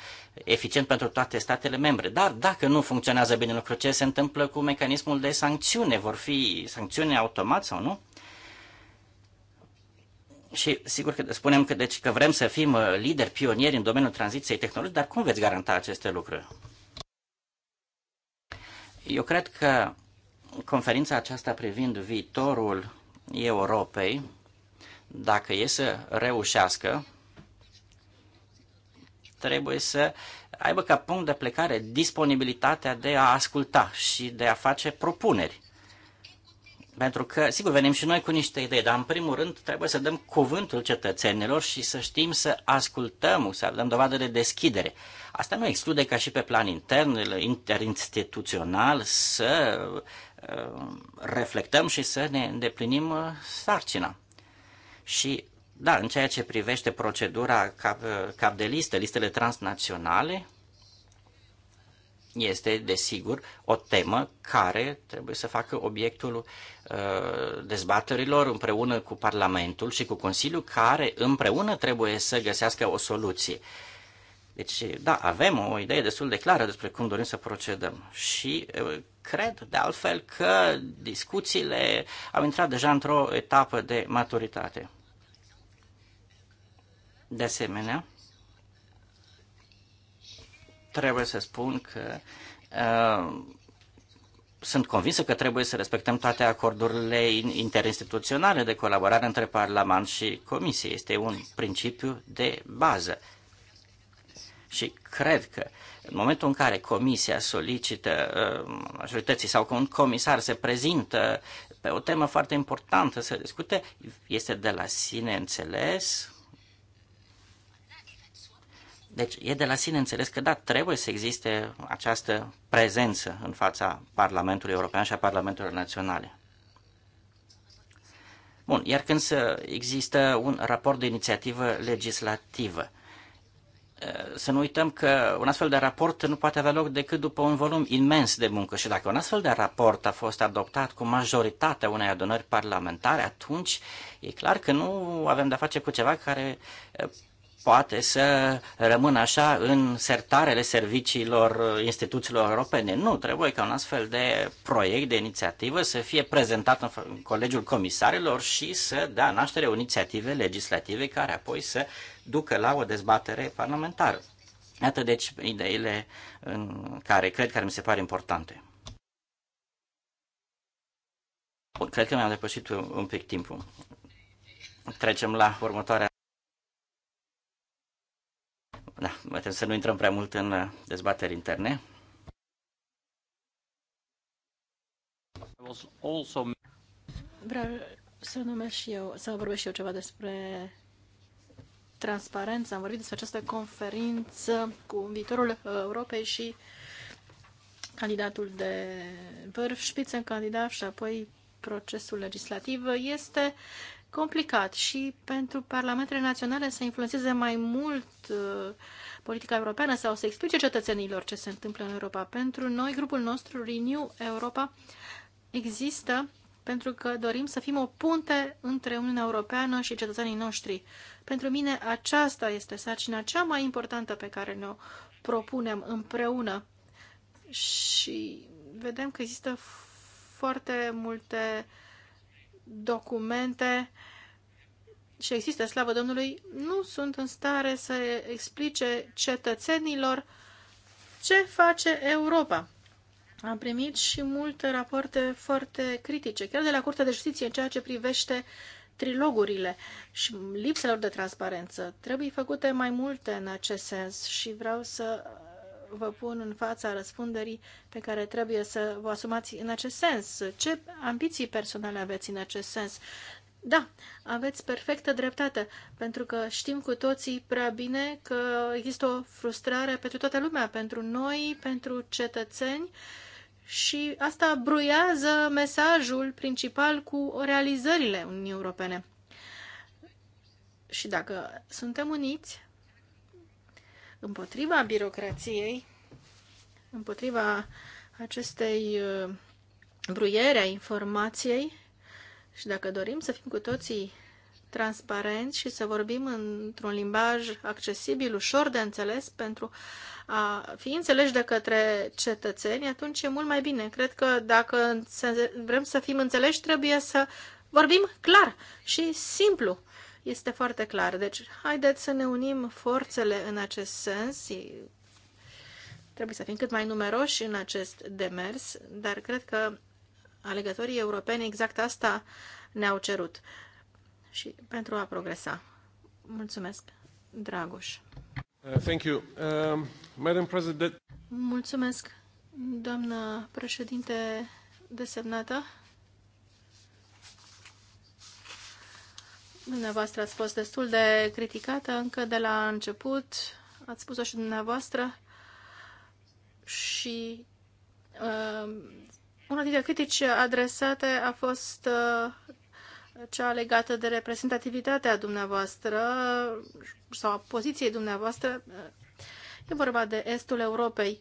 eficient pentru toate statele membre, dar dacă nu funcționează bine lucrurile, ce se întâmplă cu mecanismul de sancțiune? Vor fi sancțiuni automat sau nu? Și sigur că spunem că, deci, că vrem să fim uh, lideri, pionieri în domeniul tranziției tehnologice, dar cum veți garanta aceste lucruri? Eu cred că conferința aceasta privind viitorul Europei, dacă e să reușească, trebuie să aibă ca punct de plecare disponibilitatea de a asculta și de a face propuneri. Pentru că, sigur, venim și noi cu niște idei, dar în primul rând trebuie să dăm cuvântul cetățenilor și să știm să ascultăm, să dăm dovadă de deschidere. Asta nu exclude ca și pe plan intern, interinstituțional, să reflectăm și să ne îndeplinim uh, sarcina. Și da, în ceea ce privește procedura cap, cap de listă, listele transnaționale, este, desigur, o temă care trebuie să facă obiectul uh, dezbaterilor împreună cu Parlamentul și cu Consiliul, care împreună trebuie să găsească o soluție. Deci, da, avem o idee destul de clară despre cum dorim să procedăm și uh, Cred, de altfel, că discuțiile au intrat deja într-o etapă de maturitate. De asemenea, trebuie să spun că uh, sunt convinsă că trebuie să respectăm toate acordurile interinstituționale de colaborare între Parlament și Comisie. Este un principiu de bază. Și cred că în momentul în care comisia solicită uh, majorității sau că un comisar se prezintă pe o temă foarte importantă să discute, este de la sine înțeles deci e de la sine înțeles că da, trebuie să existe această prezență în fața Parlamentului European și a Parlamentelor Naționale. Bun, iar când să există un raport de inițiativă legislativă, Eh, să nu uităm că un astfel de raport nu poate avea loc decât după un volum imens de muncă și dacă un astfel de raport a fost adoptat cu majoritatea unei adunări parlamentare, atunci e clar că nu avem de-a face cu ceva care eh, poate să rămână așa în sertarele serviciilor uh, instituțiilor europene. Nu, trebuie ca un astfel de proiect, de inițiativă să fie prezentat în Colegiul Comisarilor și să dea naștere o inițiative legislative care apoi să ducă la o dezbatere parlamentară. Iată deci ideile în care cred că mi se pare importante. Cred că mi-am depășit un pic timpul. Trecem la următoarea da, trebuie să nu intrăm prea mult în uh, dezbateri interne. Vreau să numesc și eu, să vorbesc și eu ceva despre transparență. Am vorbit despre această conferință cu viitorul uh, Europei și candidatul de vârf, șpițen candidat și apoi procesul legislativ. Este complicat și pentru parlamentele naționale să influențeze mai mult uh, politica europeană sau să explice cetățenilor ce se întâmplă în Europa. Pentru noi, grupul nostru Renew Europa există pentru că dorim să fim o punte între Uniunea Europeană și cetățenii noștri. Pentru mine aceasta este sarcina cea mai importantă pe care ne-o propunem împreună. Și vedem că există foarte multe uh, documente și există, slavă Domnului, nu sunt în stare să explice cetățenilor ce face Europa. Am primit și multe rapoarte foarte critice, chiar de la Curtea de Justiție, în ceea ce privește trilogurile și lipselor de transparență. Trebuie făcute mai multe în acest sens și vreau să vă pun în fața răspunderii pe care trebuie să vă asumați în acest sens. Ce ambiții personale aveți în acest sens? Da, aveți perfectă dreptate, pentru că știm cu toții prea bine că există o frustrare pentru toată lumea, pentru noi, pentru cetățeni și asta bruiază mesajul principal cu realizările Uniunii Europene. Și dacă suntem uniți, împotriva birocrației, împotriva acestei uh, bruiere a informației și dacă dorim să fim cu toții transparenți și să vorbim într-un limbaj accesibil, ușor de înțeles pentru a fi înțeleși de către cetățeni, atunci e mult mai bine. Cred că dacă vrem să fim înțeleși, trebuie să vorbim clar și simplu este foarte clar. Deci, haideți să ne unim forțele în acest sens. Trebuie să fim cât mai numeroși în acest demers, dar cred că alegătorii europeni exact asta ne-au cerut și pentru a progresa. Mulțumesc, Dragoș. Uh, thank you. Uh, Madam President. Mulțumesc, doamnă președinte desemnată. Dumneavoastră ați fost destul de criticată încă de la început, ați spus-o și dumneavoastră, și uh, una dintre critici adresate a fost uh, cea legată de reprezentativitatea dumneavoastră sau a poziției dumneavoastră. Uh, e vorba de estul Europei.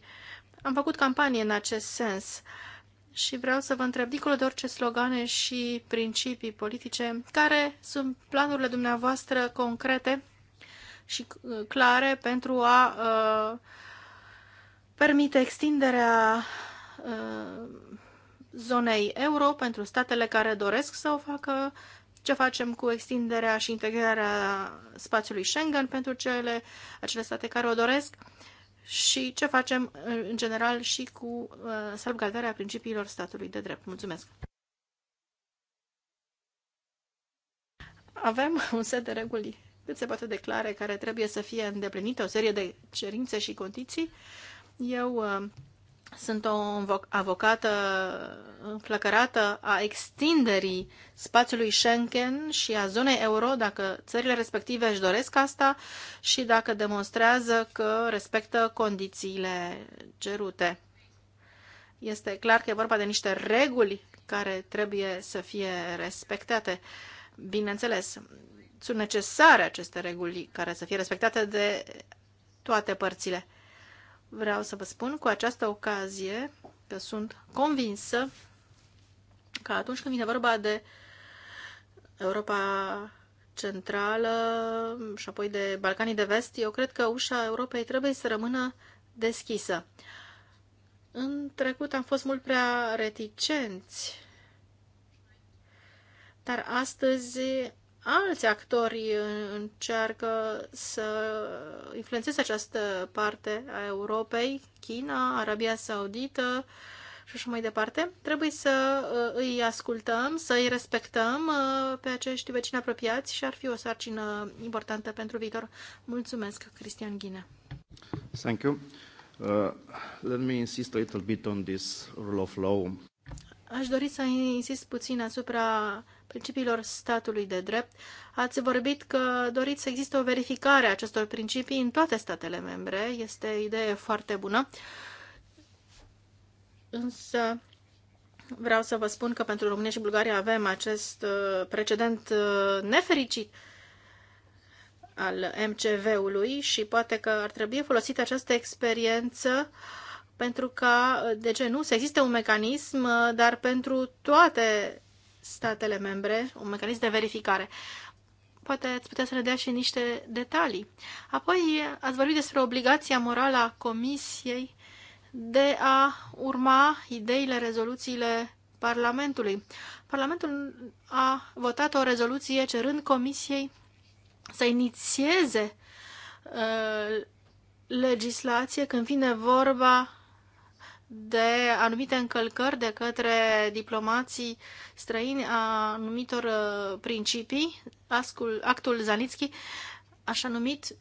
Am făcut campanie în acest sens. Uh, și vreau să vă întreb, dincolo de orice slogane și principii politice, care sunt planurile dumneavoastră concrete și clare pentru a uh, permite extinderea uh, zonei euro pentru statele care doresc să o facă, ce facem cu extinderea și integrarea spațiului Schengen pentru cele, acele state care o doresc și ce facem în general și cu uh, salvgardarea principiilor statului de drept. Mulțumesc! Avem un set de reguli cât se poate declare care trebuie să fie îndeplinite, o serie de cerințe și condiții. Eu uh, sunt o avocată înflăcărată a extinderii spațiului Schengen și a zonei euro, dacă țările respective își doresc asta și dacă demonstrează că respectă condițiile cerute. Este clar că e vorba de niște reguli care trebuie să fie respectate. Bineînțeles, sunt necesare aceste reguli care să fie respectate de toate părțile. Vreau să vă spun cu această ocazie că sunt convinsă că atunci când vine vorba de Europa Centrală și apoi de Balcanii de Vest, eu cred că ușa Europei trebuie să rămână deschisă. În trecut am fost mult prea reticenți, dar astăzi alți actori încearcă să influențeze această parte a Europei, China, Arabia Saudită și așa mai departe. Trebuie să uh, îi ascultăm, să îi respectăm uh, pe acești vecini apropiați și ar fi o sarcină importantă pentru viitor. Mulțumesc, Cristian Ghine. Thank you. Uh, let me insist a little bit on this rule of law. Aș dori să insist puțin asupra principiilor statului de drept. Ați vorbit că doriți să existe o verificare a acestor principii în toate statele membre. Este o idee foarte bună. Însă vreau să vă spun că pentru România și Bulgaria avem acest uh, precedent uh, nefericit al MCV-ului și poate că ar trebui folosită această experiență pentru ca, de ce nu, să existe un mecanism, uh, dar pentru toate statele membre, un mecanism de verificare. Poate ați putea să ne dea și niște detalii. Apoi ați vorbit despre obligația morală a Comisiei de a urma ideile, rezoluțiile Parlamentului. Parlamentul a votat o rezoluție cerând Comisiei să inițieze uh, legislație când vine vorba de anumite încălcări de către diplomații străini a anumitor uh, principii, ascul, actul Zanitski, așa numit,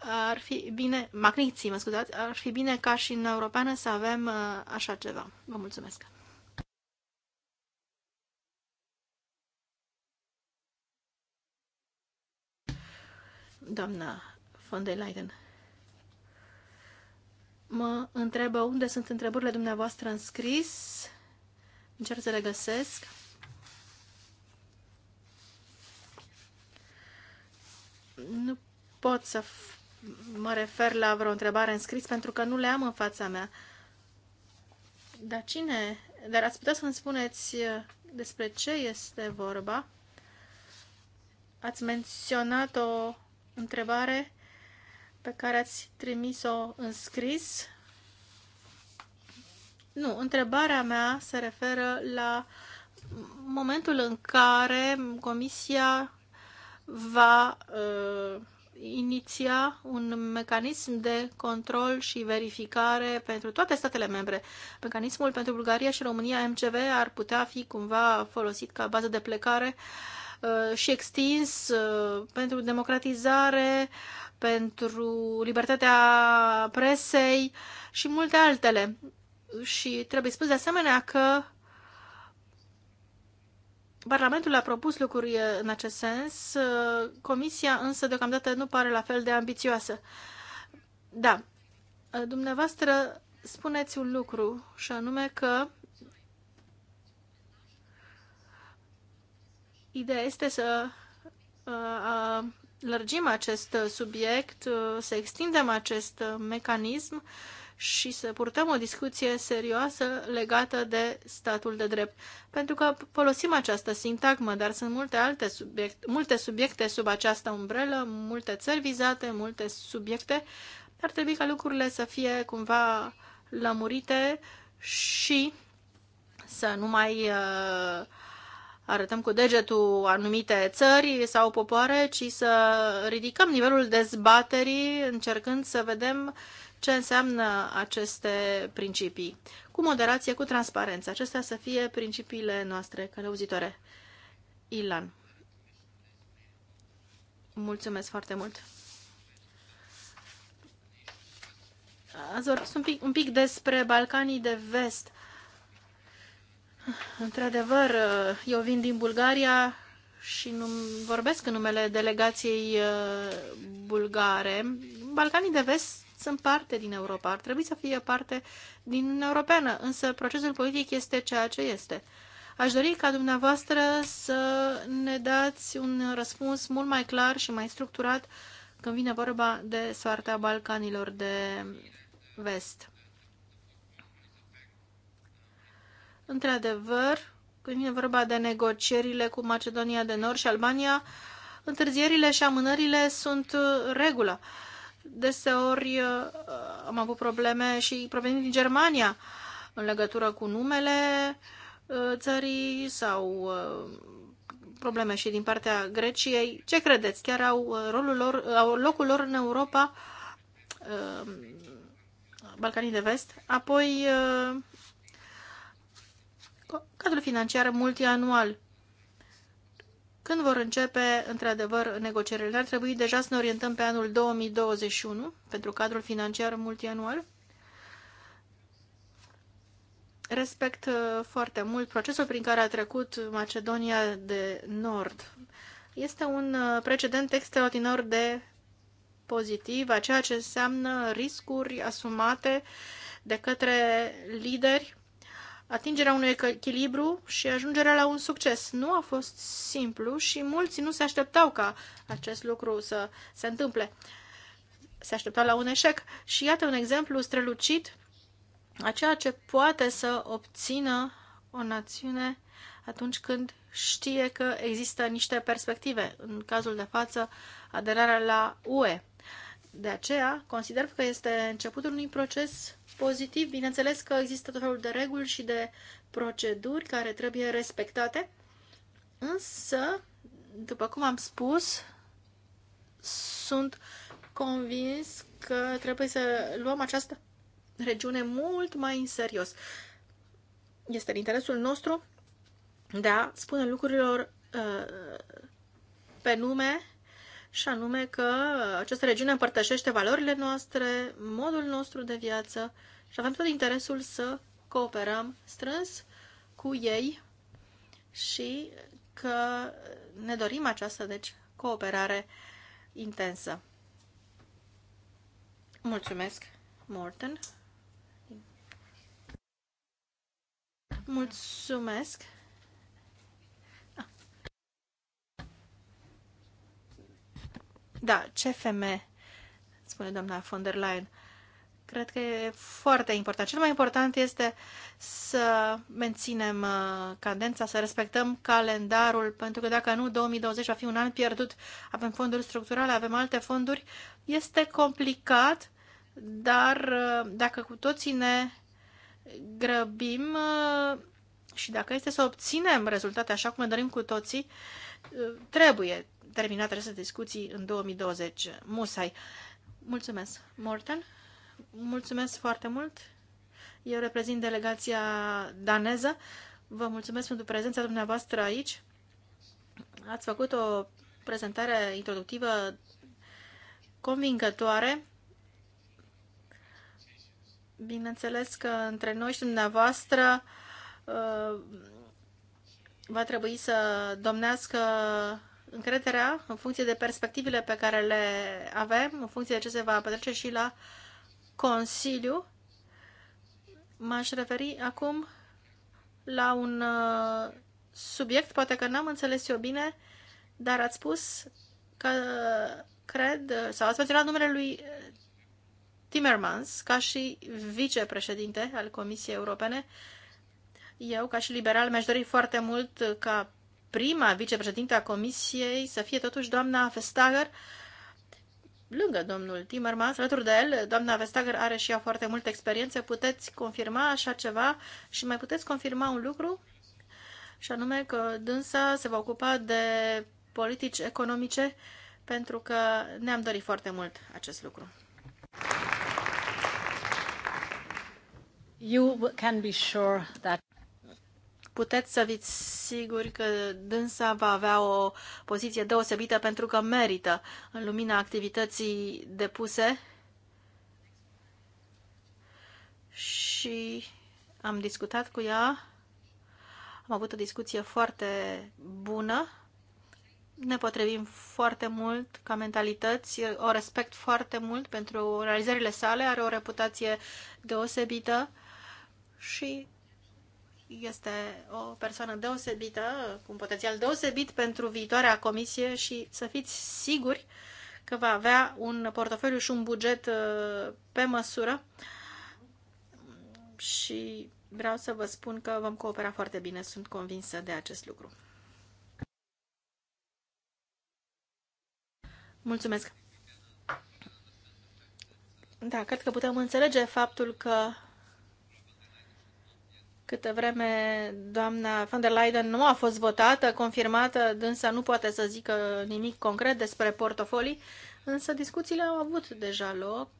ar fi bine, Magnitsky, mă scuzați, ar fi bine ca și în europeană să avem uh, așa ceva. Vă mulțumesc! Doamna von der Leyen mă întrebă unde sunt întrebările dumneavoastră în scris. Încerc să le găsesc. Nu pot să mă refer la vreo întrebare în scris pentru că nu le am în fața mea. Dar cine? Dar ați putea să-mi spuneți uh, despre ce este vorba? Ați menționat o întrebare pe care ați trimis-o în scris. Nu, întrebarea mea se referă la momentul în care Comisia va uh, iniția un mecanism de control și verificare pentru toate statele membre. Mecanismul pentru Bulgaria și România MCV ar putea fi cumva folosit ca bază de plecare uh, și extins uh, pentru democratizare, pentru libertatea presei și multe altele. Și trebuie spus de asemenea că Parlamentul a propus lucruri în acest sens, Comisia însă deocamdată nu pare la fel de ambițioasă. Da, dumneavoastră spuneți un lucru și anume că ideea este să uh, uh, lărgim acest uh, subiect, uh, să extindem acest uh, mecanism și să purtăm o discuție serioasă legată de statul de drept. Pentru că folosim această sintagmă, dar sunt multe alte subiecte, multe subiecte sub această umbrelă, multe țări vizate, multe subiecte. Ar trebui ca lucrurile să fie cumva lămurite și să nu mai uh, arătăm cu degetul anumite țări sau popoare, ci să ridicăm nivelul dezbaterii încercând să vedem ce înseamnă aceste principii. Cu moderație, cu transparență. Acestea să fie principiile noastre călăuzitoare. Ilan. Mulțumesc foarte mult. Ați vorbit un pic, un pic despre Balcanii de Vest. Într-adevăr, eu vin din Bulgaria și nu vorbesc în numele delegației uh, bulgare. Balcanii de vest sunt parte din Europa, ar trebui să fie parte din Uniunea Europeană, însă procesul politic este ceea ce este. Aș dori ca dumneavoastră să ne dați un răspuns mult mai clar și mai structurat când vine vorba de soarta Balcanilor de vest. Într-adevăr, când e vorba de negocierile cu Macedonia de Nord și Albania, întârzierile și amânările sunt uh, regulă. Deseori uh, am avut probleme și provenind din Germania în legătură cu numele uh, țării sau probleme și din partea Greciei. Ce credeți? Chiar au, rolul lor, au locul lor în Europa, Balcanii de Vest? Apoi cadrul financiar multianual. Când vor începe, într-adevăr, negocierile? Ar trebui deja să ne orientăm pe anul 2021 pentru cadrul financiar multianual? Respect uh, foarte mult procesul prin care a trecut Macedonia de Nord. Este un uh, precedent extraordinar de pozitiv, a ceea ce înseamnă riscuri asumate de către lideri atingerea unui echilibru și ajungerea la un succes. Nu a fost simplu și mulți nu se așteptau ca acest lucru să se întâmple. Se așteptau la un eșec și iată un exemplu strălucit a ceea ce poate să obțină o națiune atunci când știe că există niște perspective, în cazul de față aderarea la UE. De aceea, consider că este începutul unui proces pozitiv. Bineînțeles că există tot felul de reguli și de proceduri care trebuie respectate, însă, după cum am spus, sunt convins că trebuie să luăm această regiune mult mai în serios. Este în interesul nostru de a spune lucrurilor uh, pe nume și anume că această regiune împărtășește valorile noastre, modul nostru de viață și avem tot interesul să cooperăm strâns cu ei și că ne dorim această, deci, cooperare intensă. Mulțumesc, Morten. Mulțumesc. Da, CFM, spune doamna von der Leyen, cred că e foarte important. Cel mai important este să menținem uh, cadența, să respectăm calendarul, pentru că dacă nu, 2020 va fi un an pierdut. Avem fonduri structurale, avem alte fonduri. Este complicat, dar uh, dacă cu toții ne grăbim uh, și dacă este să obținem rezultate așa cum ne dorim cu toții, trebuie, terminat aceste discuții în 2020. Musai. Mulțumesc. Morten, mulțumesc foarte mult. Eu reprezint delegația daneză. Vă mulțumesc pentru prezența dumneavoastră aici. Ați făcut o prezentare introductivă convingătoare. Bineînțeles că între noi și dumneavoastră uh, va trebui să domnească încrederea în funcție de perspectivele pe care le avem, în funcție de ce se va petrece și la Consiliu. M-aș referi acum la un uh, subiect, poate că n-am înțeles eu bine, dar ați spus că cred, sau ați menționat numele lui Timmermans ca și vicepreședinte al Comisiei Europene. Eu, ca și liberal, mi-aș dori foarte mult ca prima vicepreședintă a Comisiei să fie totuși doamna Vestager, lângă domnul Timmermans, alături de el, doamna Vestager are și ea foarte multă experiență, puteți confirma așa ceva și mai puteți confirma un lucru, și anume că dânsa se va ocupa de politici economice, pentru că ne-am dorit foarte mult acest lucru. You can be sure that puteți să fiți siguri că dânsa va avea o poziție deosebită pentru că merită în lumina activității depuse și am discutat cu ea, am avut o discuție foarte bună, ne potrivim foarte mult ca mentalități, o respect foarte mult pentru realizările sale, are o reputație deosebită și este o persoană deosebită, cu un potențial deosebit pentru viitoarea comisie și să fiți siguri că va avea un portofoliu și un buget uh, pe măsură și vreau să vă spun că vom coopera foarte bine, sunt convinsă de acest lucru. Mulțumesc! Da, cred că putem înțelege faptul că Câte vreme doamna von der Leyen nu a fost votată, confirmată, însă nu poate să zică nimic concret despre portofolii, însă discuțiile au avut deja loc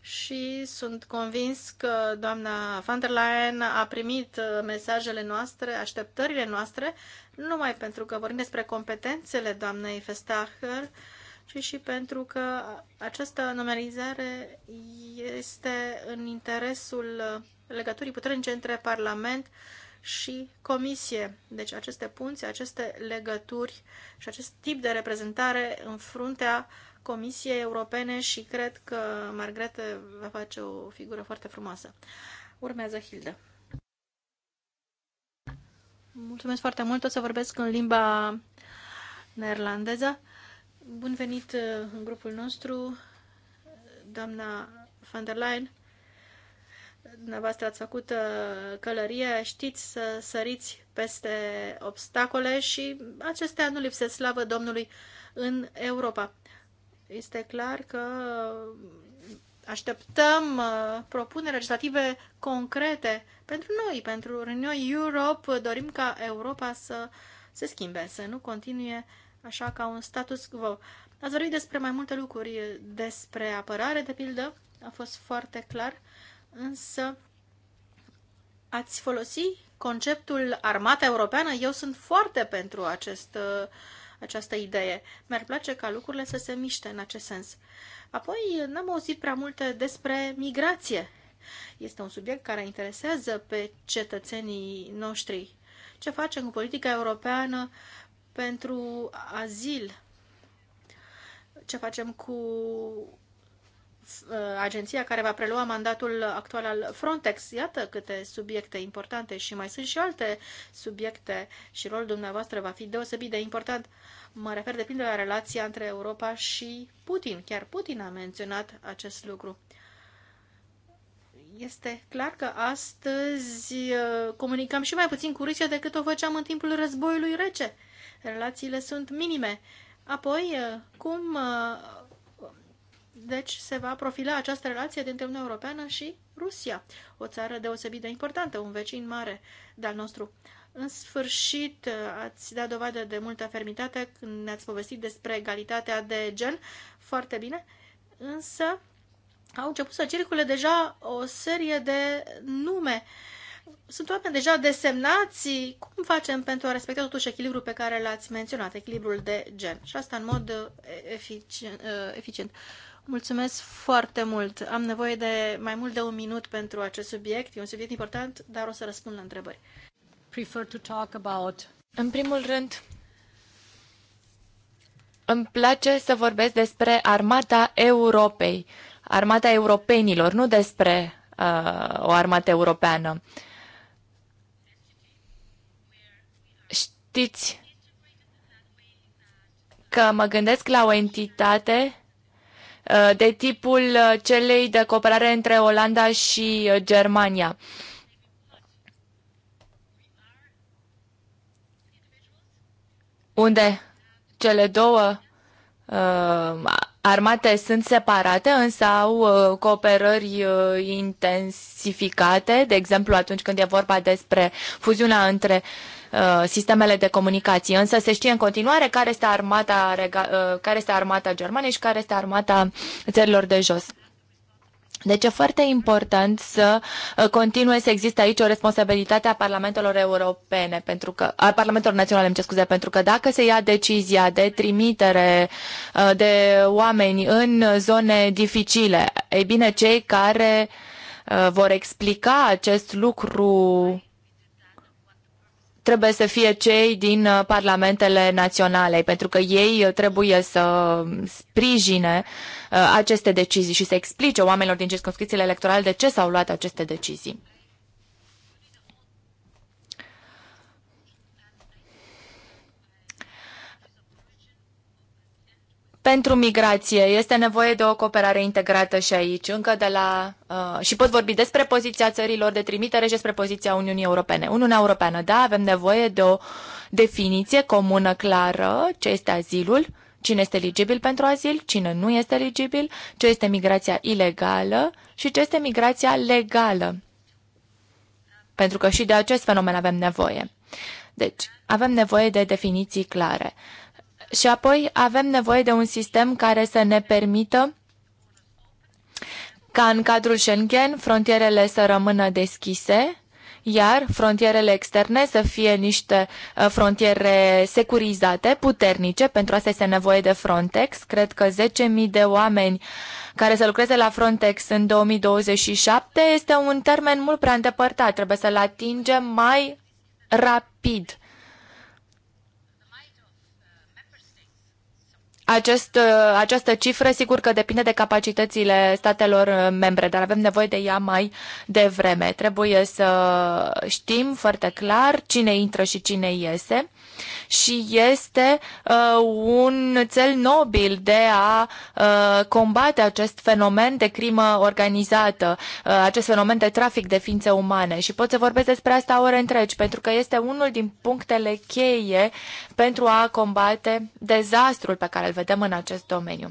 și sunt convins că doamna von der Leyen a primit mesajele noastre, așteptările noastre, numai pentru că vorbim despre competențele doamnei Vestager, ci și pentru că această numerizare este în interesul legăturii puternice între Parlament și Comisie. Deci aceste punți, aceste legături și acest tip de reprezentare în fruntea Comisiei Europene și cred că Margrete va face o figură foarte frumoasă. Urmează Hilda. Mulțumesc foarte mult, o să vorbesc în limba neerlandeză. Bun venit uh, în grupul nostru, doamna van der Leyen dumneavoastră ați făcut uh, călărie, știți să săriți peste obstacole și acestea nu lipsesc slavă Domnului în Europa. Este clar că așteptăm uh, propuneri legislative concrete pentru noi, pentru noi Europe. Dorim ca Europa să se schimbe, să nu continue așa ca un status quo. Ați vorbit despre mai multe lucruri, despre apărare, de pildă, a fost foarte clar. Uh, însă ați folosi conceptul armata europeană. Eu sunt foarte pentru acest, uh, această idee. Mi-ar place ca lucrurile să se miște în acest sens. Apoi, n-am auzit prea multe despre migrație. Este un subiect care interesează pe cetățenii noștri. Ce facem cu politica europeană pentru azil? Ce facem cu Uh, agenția care va prelua mandatul actual al Frontex. Iată câte subiecte importante și mai sunt și alte subiecte și rolul dumneavoastră va fi deosebit de important. Mă refer de pildă la relația între Europa și Putin. Chiar Putin a menționat acest lucru. Este clar că astăzi uh, comunicăm și mai puțin cu Rusia decât o făceam în timpul războiului rece. Relațiile sunt minime. Apoi, uh, cum deci se va profila această relație dintre Uniunea Europeană și Rusia, o țară deosebit de importantă, un vecin mare de-al nostru. În sfârșit, ați dat dovadă de multă fermitate când ne-ați povestit despre egalitatea de gen, foarte bine, însă au început să circule deja o serie de nume. Sunt oameni deja desemnați. Cum facem pentru a respecta totuși echilibrul pe care l-ați menționat, echilibrul de gen? Și asta în mod eh, eh, eficient. eficient. Mulțumesc foarte mult. Am nevoie de mai mult de un minut pentru acest subiect. E un subiect important, dar o să răspund la întrebări. Prefer to talk about... În primul rând, îmi place să vorbesc despre armata Europei, armata europenilor, nu despre uh, o armată europeană. Știți că mă gândesc la o entitate Uh, de tipul uh, celei de cooperare între Olanda și uh, Germania. Unde cele două uh, armate sunt separate, însă au uh, cooperări uh, intensificate, de exemplu atunci când e vorba despre fuziunea între uh, Uh, sistemele de comunicații, însă se știe în continuare care este armata, uh, care este armata germană și care este armata țărilor de jos. Deci e foarte important să uh, continue să existe aici o responsabilitate a parlamentelor europene, pentru că, a parlamentelor naționale, îmi scuze, pentru că dacă se ia decizia de trimitere de oameni în zone dificile, ei bine, cei care vor explica acest lucru trebuie să fie cei din uh, parlamentele naționale, pentru că ei uh, trebuie să sprijine uh, aceste decizii și să explice oamenilor din circunscripțiile electorale de ce s-au luat aceste decizii. pentru migrație este nevoie de o cooperare integrată și aici, încă de la. Uh, și pot vorbi despre poziția țărilor de trimitere și despre poziția Uniunii Europene. Uniunea Europeană, da, avem nevoie de o definiție comună, clară, ce este azilul, cine este eligibil pentru azil, cine nu este eligibil, ce este migrația ilegală și ce este migrația legală. Pentru că și de acest fenomen avem nevoie. Deci, avem nevoie de definiții clare. Uh, și apoi avem nevoie de un sistem care să ne permită ca în cadrul Schengen frontierele să rămână deschise, iar frontierele externe să fie niște uh, frontiere securizate, puternice. Pentru asta este nevoie de Frontex. Cred că 10.000 de oameni care să lucreze la Frontex în 2027 este un termen mult prea îndepărtat. Trebuie să-l atingem mai rapid Acest, ă, această cifră, sigur că depinde de capacitățile statelor ă, membre, dar avem nevoie de ea mai devreme. Trebuie să știm foarte clar cine intră și cine iese și este uh, un cel nobil de a uh, combate acest fenomen de crimă organizată, uh, acest fenomen de trafic de ființe umane. Și pot să vorbesc despre asta ore întregi, pentru că este unul din punctele cheie pentru a combate dezastrul pe care îl vedem în acest domeniu.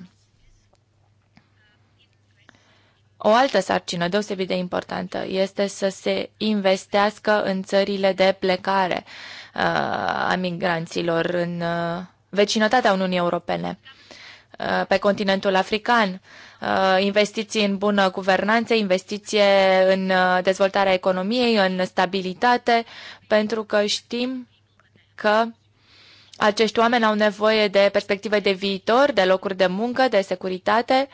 O altă sarcină deosebit de importantă este să se investească în țările de plecare uh, a migranților în uh, vecinătatea Uniunii Europene, uh, pe continentul african, investiții în bună guvernanță, investiție în dezvoltarea economiei, în stabilitate, pentru că știm că acești oameni au nevoie de perspective de viitor, de locuri de muncă, de securitate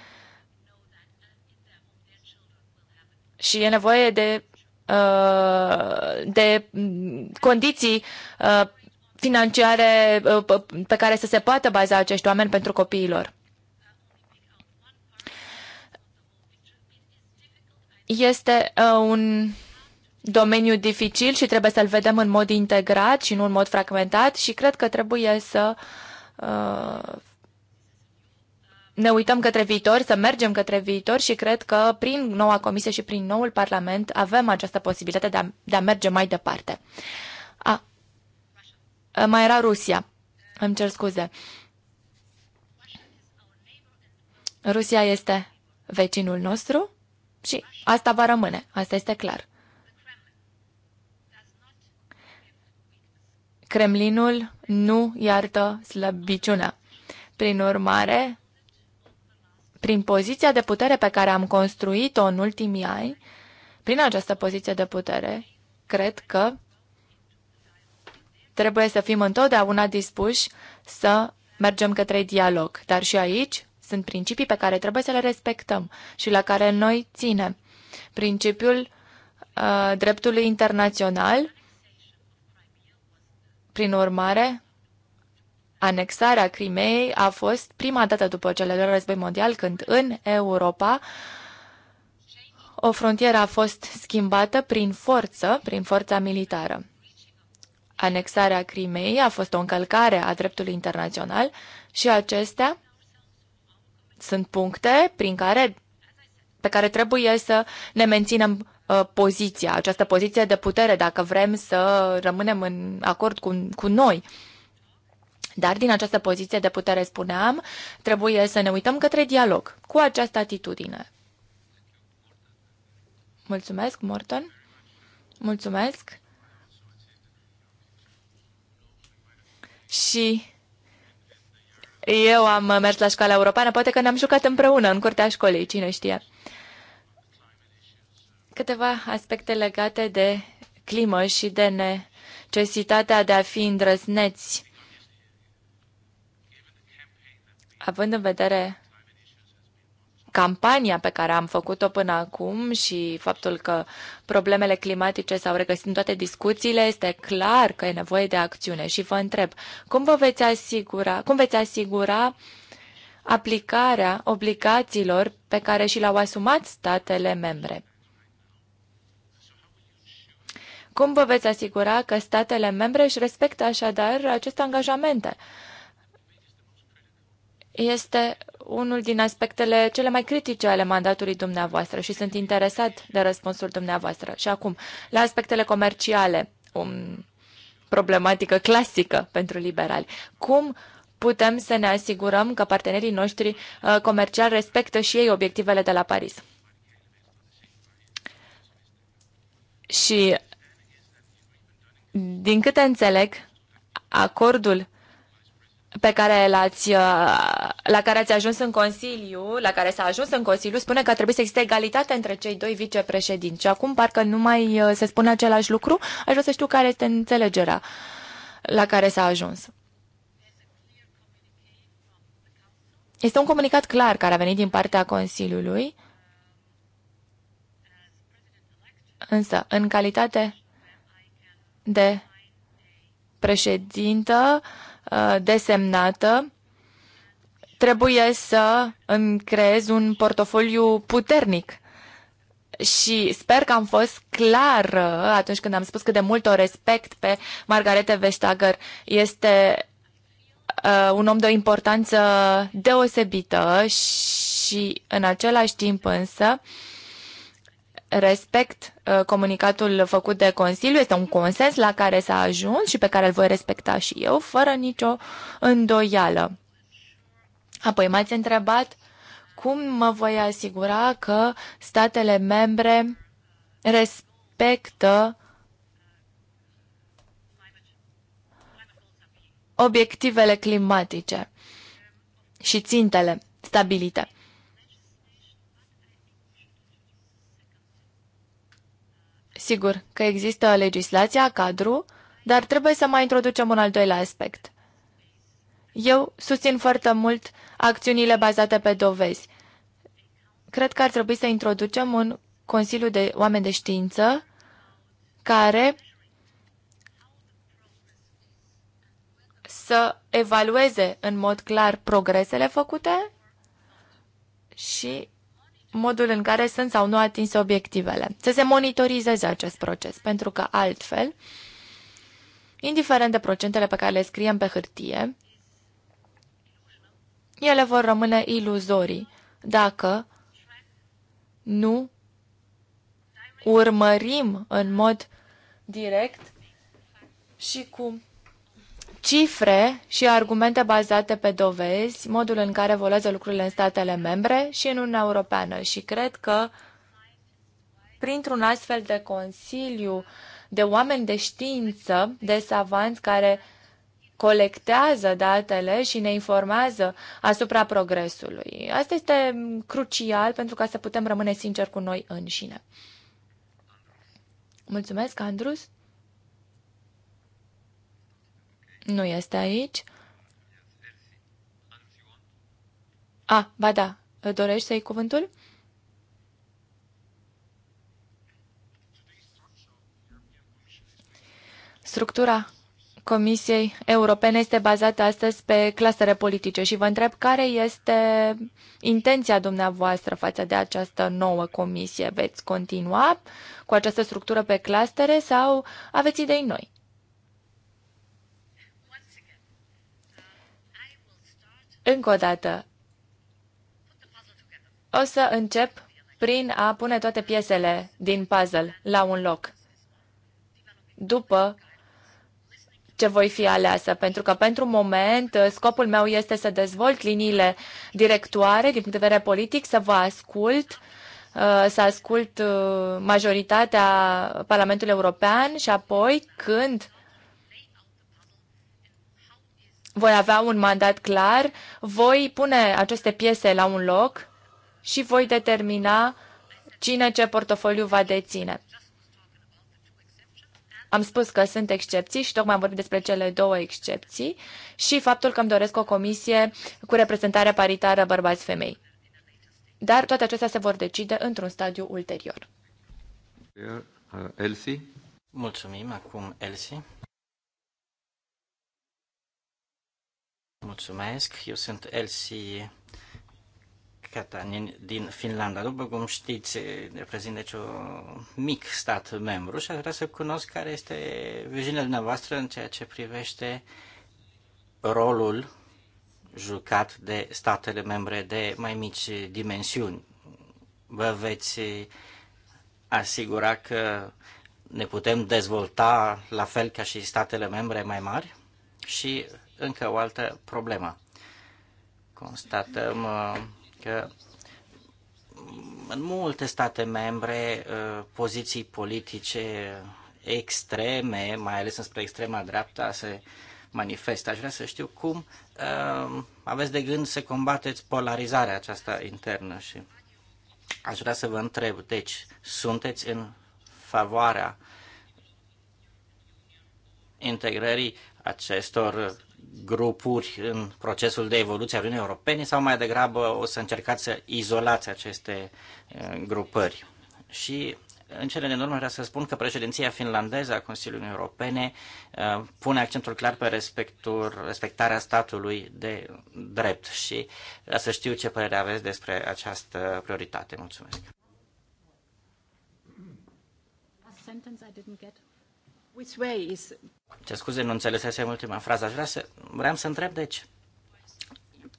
și e nevoie de, uh, de condiții uh, financiare uh, pe care să se poată baza acești oameni pentru copiilor. Este un domeniu dificil și trebuie să-l vedem în mod integrat și nu în mod fragmentat și cred că trebuie să uh, ne uităm către viitor, să mergem către viitor și cred că prin noua comisie și prin noul Parlament avem această posibilitate de a, de a merge mai departe. A, mai era Rusia. Îmi cer scuze. Rusia este vecinul nostru și asta va rămâne, asta este clar. Kremlinul nu iartă slăbiciunea. Prin urmare, prin poziția de putere pe care am construit-o în ultimii ani, prin această poziție de putere, cred că trebuie să fim întotdeauna dispuși să mergem către dialog. Dar și aici sunt principii pe care trebuie să le respectăm și la care noi ținem. Principiul uh, dreptului internațional prin urmare, anexarea Crimeei a fost prima dată după cele de război mondial când în Europa o frontieră a fost schimbată prin forță, prin forța militară. Anexarea Crimeei a fost o încălcare a dreptului internațional și acestea sunt puncte prin care, pe care trebuie să ne menținem Uh, poziția, această poziție de putere, dacă vrem să rămânem în acord cu, cu noi. Dar din această poziție de putere, spuneam, trebuie să ne uităm către dialog cu această atitudine. Mulțumesc, Morton. Mulțumesc. Și eu am mers la școala europeană, poate că ne-am jucat împreună în curtea școlii, cine știe câteva aspecte legate de climă și de necesitatea de a fi îndrăzneți. Având în vedere campania pe care am făcut-o până acum și faptul că problemele climatice s-au regăsit în toate discuțiile, este clar că e nevoie de acțiune. Și vă întreb, cum vă veți asigura, cum veți asigura aplicarea obligațiilor pe care și le-au asumat statele membre? Cum vă veți asigura că statele membre își respectă așadar aceste angajamente? Este unul din aspectele cele mai critice ale mandatului dumneavoastră și sunt interesat de răspunsul dumneavoastră. Și acum, la aspectele comerciale, o problematică clasică pentru liberali. Cum putem să ne asigurăm că partenerii noștri uh, comerciali respectă și ei obiectivele de la Paris? Și din câte înțeleg, acordul pe care l-ați, uh, la care ați ajuns în Consiliu, la care s-a ajuns în Consiliu, spune că trebuie să existe egalitate între cei doi vicepreședinți. Și acum parcă nu mai uh, se spune același lucru. Aș vrea să știu care este înțelegerea la care s-a ajuns. Este un comunicat clar care a venit din partea Consiliului, însă, în calitate de președintă uh, desemnată trebuie să îmi creez un portofoliu puternic. Și sper că am fost clară uh, atunci când am spus cât de mult o respect pe Margarete Vestager. Este uh, un om de o importanță deosebită și în același timp însă uh, respect uh, comunicatul făcut de Consiliu, este un consens la care s-a ajuns și pe care îl voi respecta și eu, fără nicio îndoială. Apoi m-ați întrebat cum mă voi asigura că statele membre respectă obiectivele climatice și țintele stabilite. Sigur că există legislația, cadru, dar trebuie să mai introducem un al doilea aspect. Eu susțin foarte mult acțiunile bazate pe dovezi. Cred că ar trebui să introducem un Consiliu de Oameni de Știință care să evalueze în mod clar progresele făcute și modul în care sunt sau nu atinse obiectivele. Să se monitorizeze acest proces, pentru că altfel, indiferent de procentele pe care le scriem pe hârtie, ele vor rămâne iluzorii dacă nu urmărim în mod direct și cu cifre și argumente bazate pe dovezi, modul în care evoluează lucrurile în statele membre și în Uniunea Europeană. Și cred că printr-un astfel de consiliu de oameni de știință, de savanți care colectează datele și ne informează asupra progresului. Asta este crucial pentru ca să putem rămâne sinceri cu noi înșine. Mulțumesc, Andrus! Nu este aici. A, ba da, dorești să iei cuvântul? Structura Comisiei Europene este bazată astăzi pe clasere politice și vă întreb care este intenția dumneavoastră față de această nouă comisie. Veți continua cu această structură pe clastere sau aveți idei noi? Încă o dată, o să încep prin a pune toate piesele din puzzle la un loc. După ce voi fi aleasă, pentru că pentru moment uh, scopul meu este să dezvolt liniile directoare din punct de vedere politic, să vă ascult, uh, să ascult uh, majoritatea Parlamentului European și apoi când voi avea un mandat clar, voi pune aceste piese la un loc și voi determina cine ce portofoliu va deține. Am spus că sunt excepții și tocmai am vorbit despre cele două excepții și faptul că îmi doresc o comisie cu reprezentare paritară bărbați-femei. Dar toate acestea se vor decide într-un stadiu ulterior. Elsie? Mulțumim, acum Elsie. Mulțumesc, eu sunt Elsie Catanin din Finlanda. După cum știți, reprezint deci un mic stat membru și aș vrea să cunosc care este viziunea dumneavoastră în ceea ce privește rolul jucat de statele membre de mai mici dimensiuni. Vă veți asigura că ne putem dezvolta la fel ca și statele membre mai mari? Și încă o altă problemă. Constatăm uh, că în multe state membre uh, poziții politice extreme, mai ales înspre extrema dreapta, se manifestă. Aș vrea să știu cum uh, aveți de gând să combateți polarizarea aceasta internă și aș vrea să vă întreb, deci, sunteți în favoarea integrării acestor grupuri în procesul de evoluție a Uniunii Europene sau mai degrabă o să încercați să izolați aceste eh, grupări? Și în cele din urmă vreau să spun că președinția finlandeză a Consiliului Europene eh, pune accentul clar pe respectul, respectarea statului de drept și să știu ce părere aveți despre această prioritate. Mulțumesc. Which way is ce scuze, nu înțelesesem ultima frază. Aș vrea să, vreau să întreb, deci,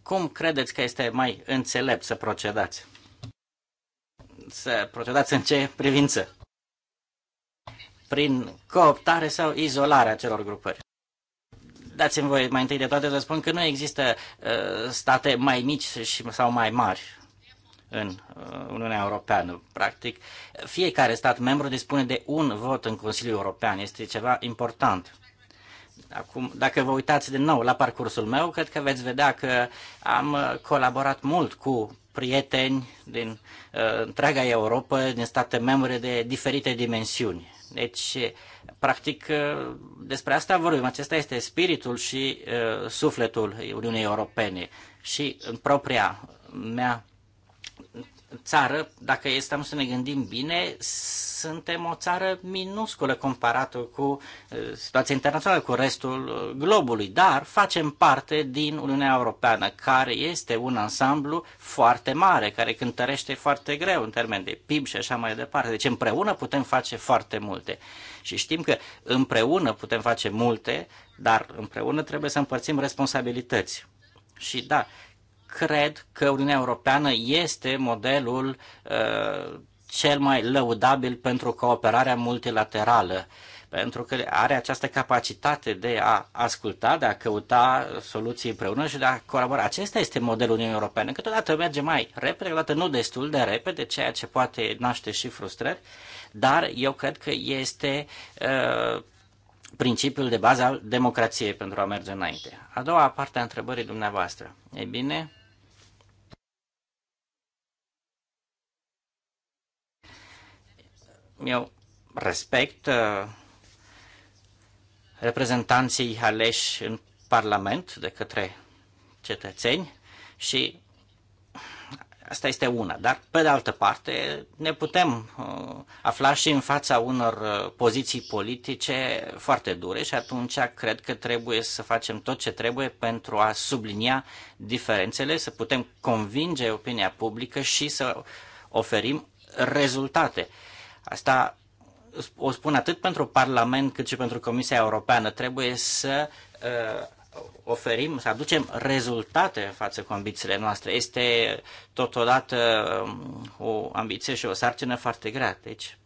cum credeți că este mai înțelept să procedați? Să procedați în ce privință? Prin cooptare sau izolare a celor grupări? Dați-mi voi mai întâi de toate să spun că nu există uh, state mai mici și, sau mai mari în uh, Uniunea Europeană. Practic, fiecare stat membru dispune de un vot în Consiliul European. Este ceva important. Acum, dacă vă uitați din nou la parcursul meu, cred că veți vedea că am uh, colaborat mult cu prieteni din uh, întreaga Europa, din state membre de diferite dimensiuni. Deci, uh, practic, uh, despre asta vorbim. Acesta este spiritul și uh, sufletul Uniunii Europene. Și în propria mea țară, dacă stăm să ne gândim bine, suntem o țară minusculă comparată cu eh, situația internațională, cu restul eh, globului, dar facem parte din Uniunea Europeană, care este un ansamblu foarte mare, care cântărește foarte greu în termen de PIB și așa mai departe. Deci împreună putem face foarte multe. Și știm că împreună putem face multe, dar împreună trebuie să împărțim responsabilități. Și da, cred că Uniunea Europeană este modelul uh, cel mai lăudabil pentru cooperarea multilaterală, pentru că are această capacitate de a asculta, de a căuta soluții împreună și de a colabora. Acesta este modelul Uniunii Europene. Câteodată merge mai repede, câteodată nu destul de repede, ceea ce poate naște și frustrări, dar eu cred că este uh, principiul de bază al democrației pentru a merge înainte. A doua parte a întrebării dumneavoastră. Ei bine, eu respect uh, reprezentanții aleși în Parlament de către cetățeni și asta este una. Dar, pe de altă parte, ne putem uh, afla și în fața unor uh, poziții politice foarte dure și atunci cred că trebuie să facem tot ce trebuie pentru a sublinia diferențele, să putem convinge opinia publică și să oferim rezultate. Asta o spun atât pentru Parlament cât și pentru Comisia Europeană. Trebuie să uh, oferim, să aducem rezultate față cu ambițiile noastre. Este totodată um, o ambiție și o sarcină foarte grea. Deci,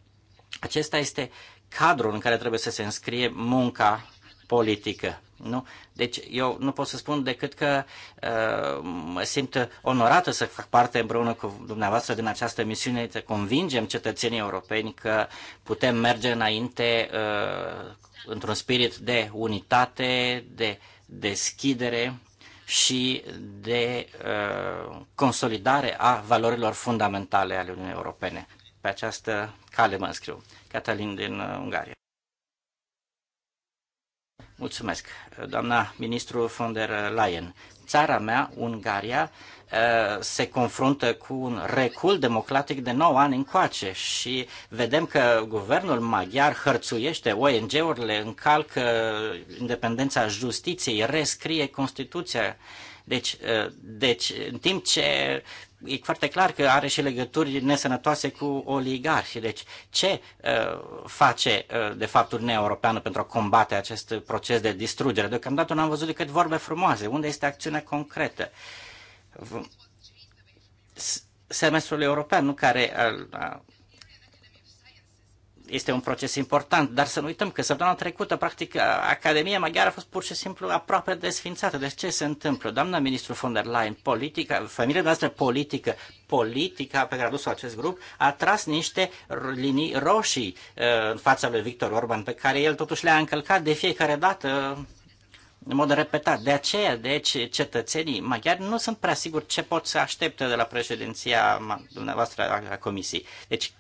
acesta este cadrul în care trebuie să se înscrie munca politică. Nu? Deci eu nu pot să spun decât că uh, mă simt onorată să fac parte împreună cu dumneavoastră din această misiune, să convingem cetățenii europeni că putem merge înainte uh, într-un spirit de unitate, de deschidere și de uh, consolidare a valorilor fundamentale ale Uniunii Europene. Pe această cale mă înscriu. Catalin din uh, Ungaria. Mulțumesc. Doamna ministru von der Leyen, țara mea, Ungaria, se confruntă cu un recul democratic de 9 ani încoace și vedem că guvernul maghiar hărțuiește ONG-urile, încalcă independența justiției, rescrie Constituția. Deci, deci, în timp ce e foarte clar că are și legături nesănătoase cu oligarhii. Deci ce uh, face uh, de fapt Uniunea Europeană pentru a combate acest proces de distrugere? Deocamdată n-am văzut decât vorbe frumoase. Unde este acțiunea concretă? V- semestrul european, nu care uh, este un proces important, dar să nu uităm că săptămâna trecută, practic, Academia Maghiară a fost pur și simplu aproape desfințată. Deci ce se întâmplă? Doamna ministru von der Leyen, politica, familia noastră politică, politica pe care a dus-o acest grup, a tras niște linii roșii uh, în fața lui Victor Orban, pe care el totuși le-a încălcat de fiecare dată uh, în mod repetat. De aceea, deci, cetățenii maghiari nu sunt prea siguri ce pot să aștepte de la președinția dumneavoastră a Comisiei. Deci,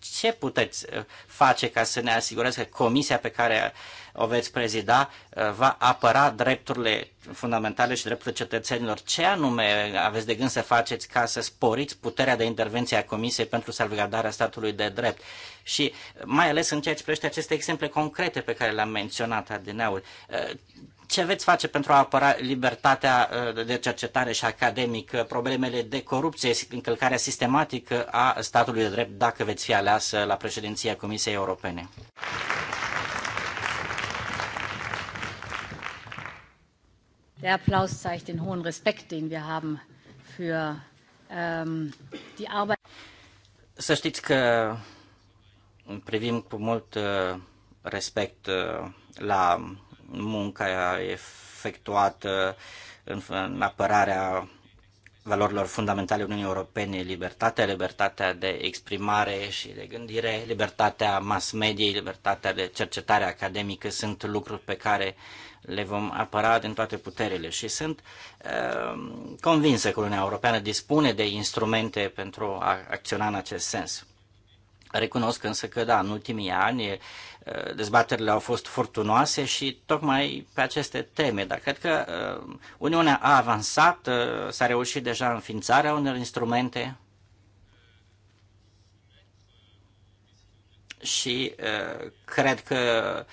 ce puteți uh, face ca să ne asigurați că comisia pe care o veți prezida uh, va apăra drepturile fundamentale și drepturile cetățenilor? Ce anume aveți de gând să faceți ca să sporiți puterea de intervenție a comisiei pentru salvegardarea statului de drept? Și mai ales în ceea ce privește aceste exemple concrete pe care le-am menționat adineauri, uh, ce veți face pentru a apăra libertatea uh, de cercetare și academică, problemele de corupție, încălcarea sistematică a statului de drept, dacă veți fi aleasă la președinția Comisiei Europene? Der Applaus zeigt den hohen Respekt, den wir haben für ähm, die Arbeit. Să știți că privim cu mult uh, respect uh, la munca efectuată în, în apărarea valorilor fundamentale Uniunii Europene, libertatea, libertatea de exprimare și de gândire, libertatea mass mediei, libertatea de cercetare academică sunt lucruri pe care le vom apăra din toate puterile și sunt uh, convinsă că Uniunea Europeană dispune de instrumente pentru a acționa în acest sens. Recunosc însă că, da, în ultimii ani dezbaterile au fost furtunoase și tocmai pe aceste teme, dar cred că Uniunea a avansat, s-a reușit deja înființarea unor instrumente și cred că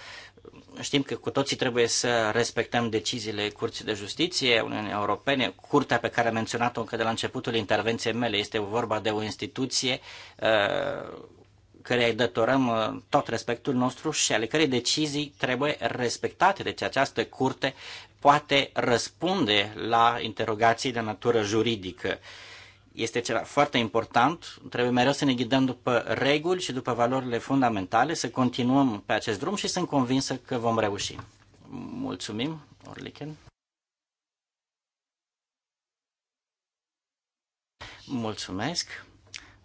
știm că cu toții trebuie să respectăm deciziile Curții de Justiție Uniunii Europene. Curtea pe care am menționat-o încă de la începutul intervenției mele este vorba de o instituție uh, căreia îi datorăm uh, tot respectul nostru și ale cărei decizii trebuie respectate. Deci această curte poate răspunde la interogații de natură juridică. Este ceva foarte important, trebuie mereu să ne ghidăm după reguli și după valorile fundamentale, să continuăm pe acest drum și sunt convinsă că vom reuși. Mulțumim, Orlichen. Mulțumesc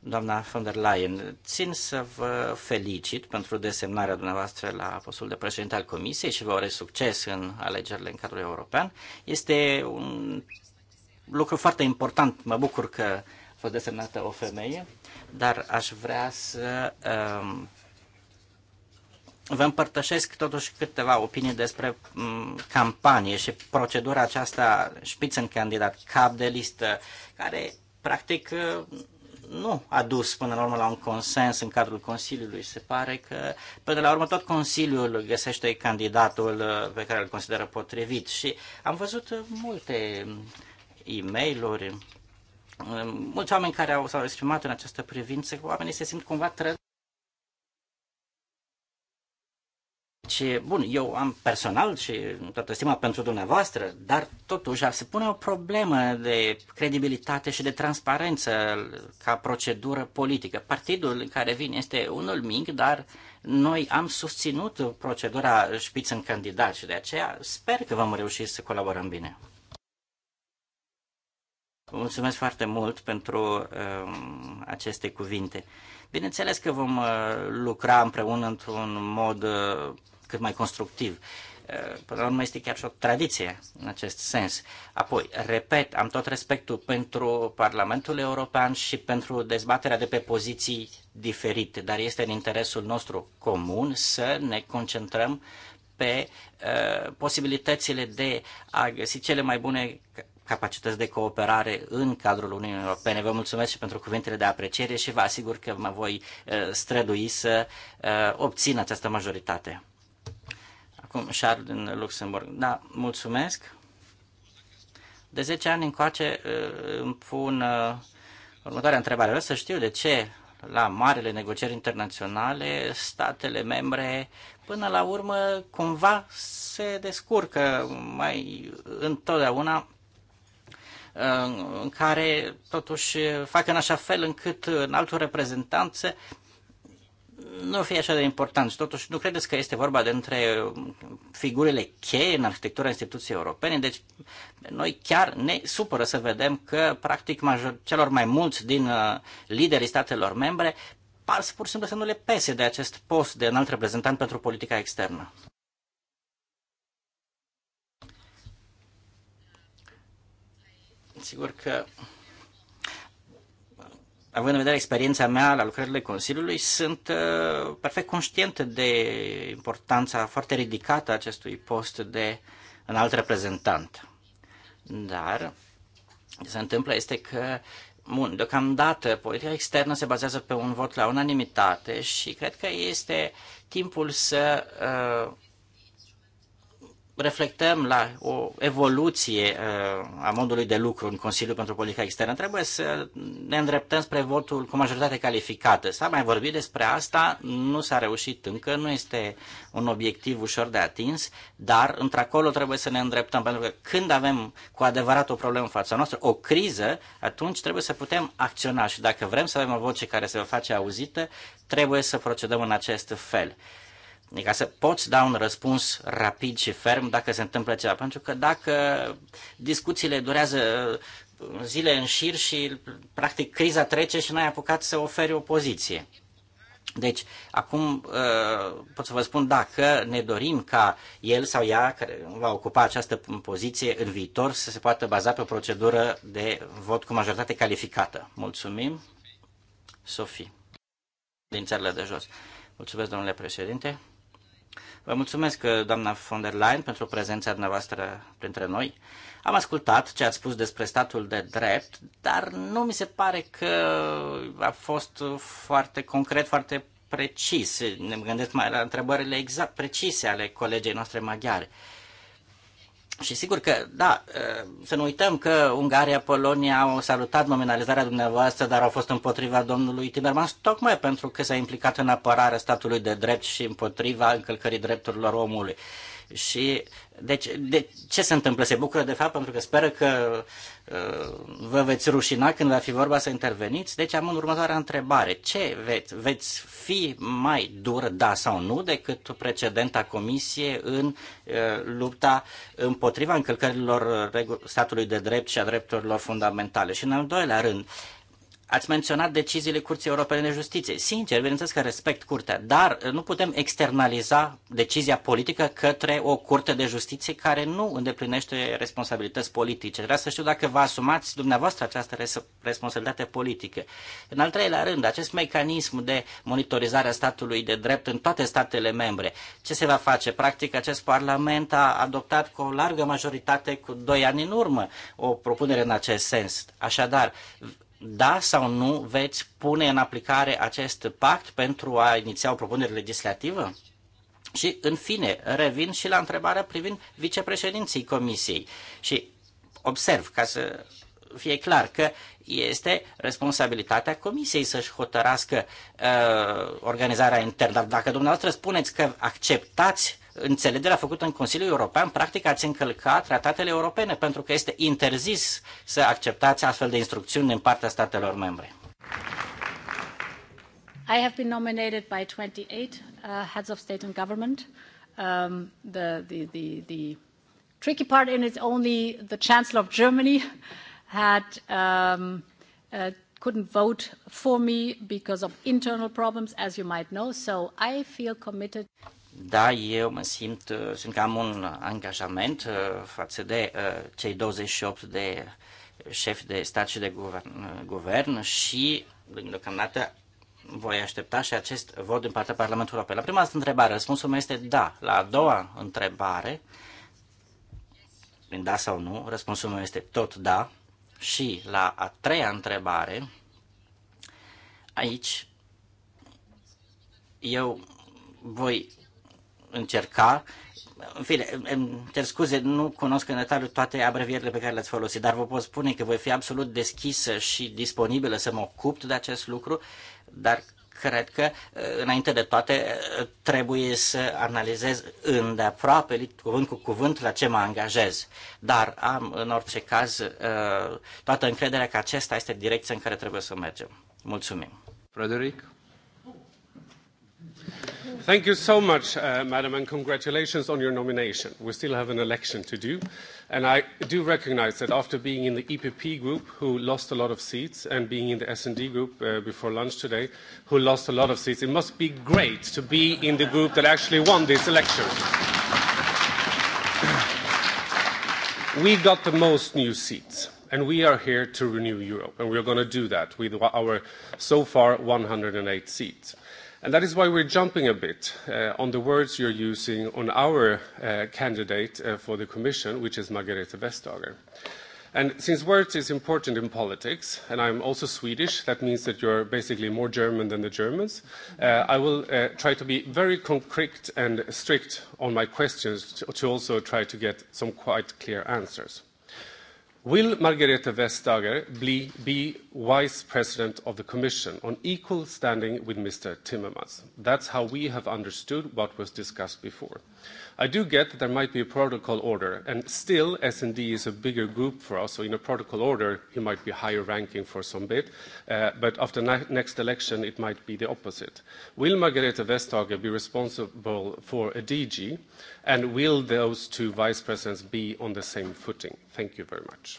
doamna von der Leyen, țin să vă felicit pentru desemnarea dumneavoastră la postul de președinte al Comisiei și vă urez succes în alegerile în cadrul european. Este un lucru foarte important. Mă bucur că a fost desemnată o femeie, dar aș vrea să um, vă împărtășesc totuși câteva opinii despre um, campanie și procedura aceasta în candidat, cap de listă, care practic nu a dus până la urmă la un consens în cadrul Consiliului. Se pare că până la urmă tot Consiliul găsește candidatul uh, pe care îl consideră potrivit și am văzut uh, multe mm, e mail mm, mulți oameni care au, s-au exprimat în această privință, oamenii se simt cumva tră- Și, deci, bun, eu am personal și toată stima pentru dumneavoastră, dar totuși se pune o problemă de credibilitate și de transparență ca procedură politică. Partidul în care vin este unul mic, dar noi am susținut procedura șpiț în candidat și de aceea sper că vom reuși să colaborăm bine. Mulțumesc foarte mult pentru um, aceste cuvinte. Bineînțeles că vom uh, lucra împreună într-un mod uh, cât mai constructiv. Uh, până la urmă este chiar și o tradiție în acest sens. Apoi, repet, am tot respectul pentru Parlamentul European și pentru dezbaterea de pe poziții diferite, dar este în interesul nostru comun să ne concentrăm pe uh, posibilitățile de a găsi cele mai bune capacități de cooperare în cadrul Uniunii Europene. Vă mulțumesc și pentru cuvintele de apreciere și vă asigur că mă voi uh, strădui să uh, obțin această majoritate acum Charles din Luxemburg. Da, mulțumesc. De 10 ani încoace uh, îmi pun uh, următoarea întrebare. Vreau să știu de ce la marele negocieri internaționale statele membre până la urmă cumva se descurcă mai întotdeauna uh, în care totuși fac în așa fel încât în altul reprezentanță nu fie așa de important. Totuși, nu credeți că este vorba de între figurile cheie în arhitectura instituției europene? Deci, noi chiar ne supără să vedem că, practic, major, celor mai mulți din uh, liderii statelor membre par să pur și simplu să nu le pese de acest post de înalt reprezentant pentru politica externă. Sigur că având în vedere experiența mea la lucrările Consiliului, sunt uh, perfect conștient de importanța foarte ridicată a acestui post de înalt reprezentant. Dar ce se întâmplă este că Bun, deocamdată politica externă se bazează pe un vot la unanimitate și cred că este timpul să uh, reflectăm la o evoluție uh, a modului de lucru în Consiliul pentru Politica Externă, trebuie să ne îndreptăm spre votul cu majoritate calificată. S-a mai vorbit despre asta, nu s-a reușit încă, nu este un obiectiv ușor de atins, dar într-acolo trebuie să ne îndreptăm, pentru că când avem cu adevărat o problemă în fața noastră, o criză, atunci trebuie să putem acționa și dacă vrem să avem o voce care se va face auzită, trebuie să procedăm în acest fel. E ca să poți da un răspuns rapid și ferm dacă se întâmplă ceva. Pentru că dacă discuțiile durează uh, zile în șir și practic criza trece și n-ai apucat să oferi o poziție. Deci, acum uh, pot să vă spun dacă ne dorim ca el sau ea, care va ocupa această poziție în viitor, să se poată baza pe o procedură de vot cu majoritate calificată. Mulțumim, Sofie, din țările de jos. Mulțumesc, domnule președinte. Vă mulțumesc, uh, doamna von der Leyen, pentru prezența dumneavoastră printre noi. Am ascultat ce ați spus despre statul de drept, dar nu mi se pare că a fost foarte concret, foarte precis. Ne gândesc mai la întrebările exact precise ale colegei noastre maghiare. Și sigur că, da, ă, să nu uităm că Ungaria, Polonia au salutat nominalizarea dumneavoastră, dar au fost împotriva domnului Timmermans, tocmai pentru că s-a implicat în apărarea statului de drept și împotriva încălcării drepturilor omului. Și deci, de ce se întâmplă? Se bucură de fapt pentru că speră că uh, vă veți rușina când va fi vorba să interveniți. Deci am în următoarea întrebare. Ce veți, veți fi mai dur, da sau nu, decât precedenta comisie în uh, lupta împotriva încălcărilor statului de drept și a drepturilor fundamentale? Și în al doilea rând, uh, Ați menționat deciziile Curții Europene de Justiție. Sincer, bineînțeles că respect curtea, dar nu putem externaliza decizia politică către o curte de justiție care nu îndeplinește responsabilități politice. Vreau să știu dacă vă asumați dumneavoastră această responsabilitate politică. În al treilea rând, acest mecanism de monitorizare a statului de drept în toate statele membre, ce se va face? Practic, acest Parlament a adoptat cu o largă majoritate cu doi ani în urmă o propunere în acest sens. Așadar, da sau nu veți pune în aplicare acest pact pentru a iniția o propunere legislativă? Și, în fine, revin și la întrebarea privind vicepreședinții Comisiei. Și observ, ca să fie clar, că este responsabilitatea Comisiei să-și hotărască uh, organizarea internă. Dacă dumneavoastră spuneți că acceptați înțelegerea făcută în Consiliul European, practic ați încălcat tratatele europene, pentru că este interzis să acceptați astfel de instrucțiuni din partea statelor membre. I have been nominated by 28 uh, heads of state and government. Um, the, the, the, the tricky part in it, only the Chancellor of Germany had um, uh, couldn't vote for me because of internal problems, as you might know. So I feel committed. Da, eu mă simt, uh, simt că am un angajament uh, față de uh, cei 28 de șefi de stat și de guvern, guvern și, deocamdată, voi aștepta și acest vot din partea Parlamentului European. La prima întrebare, răspunsul meu este da. La a doua întrebare, prin da sau nu, răspunsul meu este tot da. Și la a treia întrebare, aici, eu voi încerca. În fine, îmi cer scuze, nu cunosc în detaliu toate abrevierile pe care le-ați folosit, dar vă pot spune că voi fi absolut deschisă și disponibilă să mă ocup de acest lucru, dar cred că, uh, înainte de toate, uh, trebuie să analizez îndeaproape, cuvânt cu cuvânt, la ce mă angajez. Dar am, în orice caz, uh, toată încrederea că acesta este direcția în care trebuie să mergem. Mulțumim. Frederic? Thank you so much, uh, Madam, and congratulations on your nomination. We still have an election to do, and I do recognize that after being in the EPP group, who lost a lot of seats, and being in the S&D group uh, before lunch today, who lost a lot of seats, it must be great to be in the group that actually won this election. we got the most new seats and we are here to renew Europe, and we are going to do that with our so far 108 seats. And that is why we're jumping a bit uh, on the words you're using on our uh, candidate uh, for the Commission, which is Margarete Vestager. And since words is important in politics, and I'm also Swedish, that means that you're basically more German than the Germans, uh, I will uh, try to be very concrete and strict on my questions to, to also try to get some quite clear answers. Will Margrethe Vestager be, be Vice President of the Commission on equal standing with Mr. Timmermans? That's how we have understood what was discussed before. I do get that there might be a protocol order, and still S&D is a bigger group for us, so in a protocol order, he might be higher ranking for some bit, uh, but after next election, it might be the opposite. Will Margrethe Vestager be responsible for a DG, and will those two vice presidents be on the same footing? Thank you very much.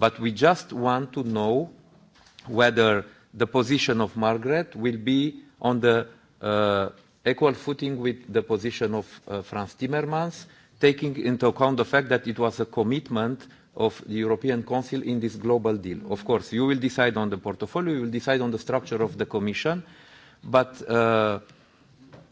But we just want to know whether the position of Margaret will be on the uh, equal footing with the position of uh, Franz Timmermans, taking into account the fact that it was a commitment of the European Council in this global deal. Of course, you will decide on the portfolio, you will decide on the structure of the Commission, but uh,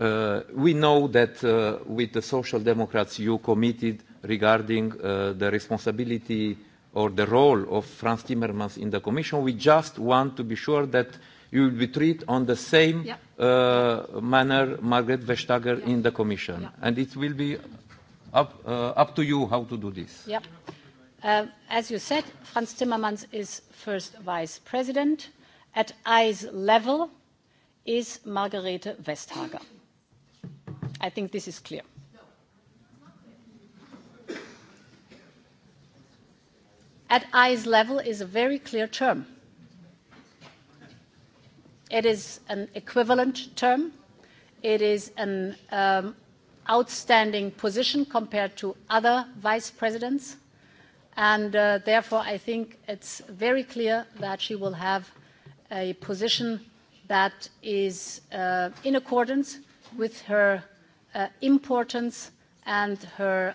uh, we know that uh, with the Social Democrats you committed regarding uh, the responsibility or the role of Franz Timmermans in the Commission. We just want to be sure that you will be treated on the same yeah. uh, manner Margaret Vestager yeah. in the Commission. Yeah. And it will be up, uh, up to you how to do this. Yeah. Uh, as you said, Franz Timmermans is first vice president. At eyes level is Margarete Vestager. I think this is clear. at eyes level is a very clear term. It is an equivalent term. It is an um, outstanding position compared to other vice presidents. And uh, therefore, I think it's very clear that she will have a position that is uh, in accordance with her uh, importance and her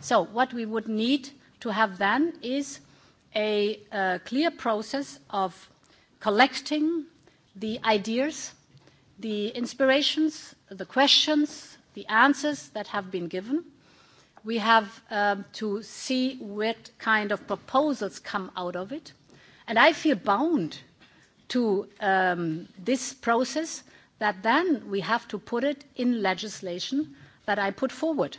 So what we would need to have then is a, a clear process of collecting the ideas, the inspirations, the questions, the answers that have been given. We have um, to see what kind of proposals come out of it. And I feel bound to um, this process that then we have to put it in legislation that I put forward.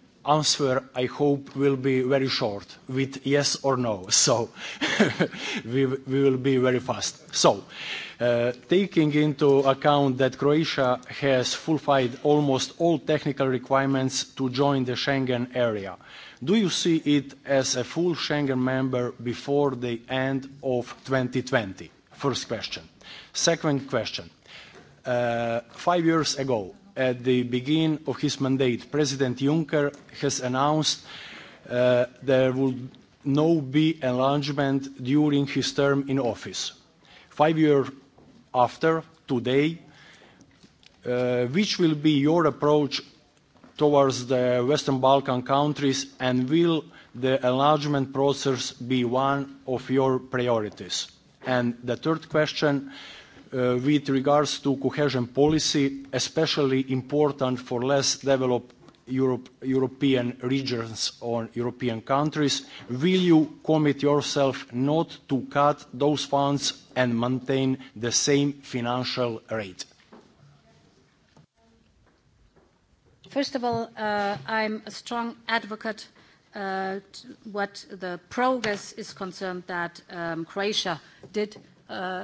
answer, I hope, will be very short with yes or no. So we, we will be very fast. So uh, taking into account that Croatia has fulfilled almost all technical requirements to join the Schengen area, do you see it as a full Schengen member before the end of 2020? First question. Second question. Uh, five years ago, at the beginning of his mandate, President Juncker has announced uh, there will no be enlargement during his term in office. Five years after, today, uh, which will be your approach towards the Western Balkan countries and will the enlargement process be one of your priorities? And the third question, uh, Uh, with regards to cohesion policy, especially important for less developed Europe, European regions or European countries, will you commit yourself not to cut those funds and maintain the same financial rate? First of all, uh, I'm a strong advocate uh, what the progress is concerned that um, Croatia did uh,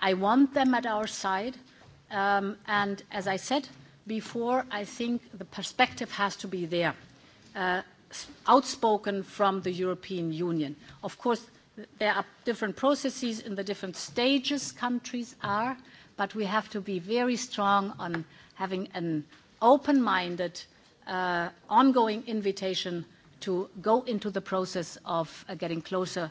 I want them at our side. Um, and as I said before, I think the perspective has to be there, uh, outspoken from the European Union. Of course, there are different processes in the different stages countries are, but we have to be very strong on having an open-minded, uh, ongoing invitation to go into the process of uh, getting closer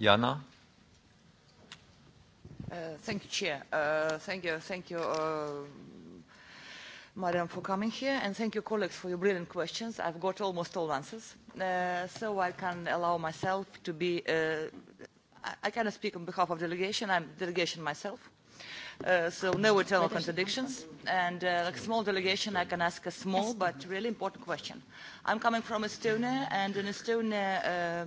Iana? Uh, thank you, Chair. Uh, thank you, thank you, uh, Madam, for coming here, and thank you, colleagues, for your brilliant questions. I've got almost all answers, uh, so I can allow myself to be. Uh, I cannot speak on behalf of delegation. I'm delegation myself. Uh, so no eternal contradictions. And uh, like a small delegation, I can ask a small but really important question. I'm coming from Estonia, and in Estonia, uh,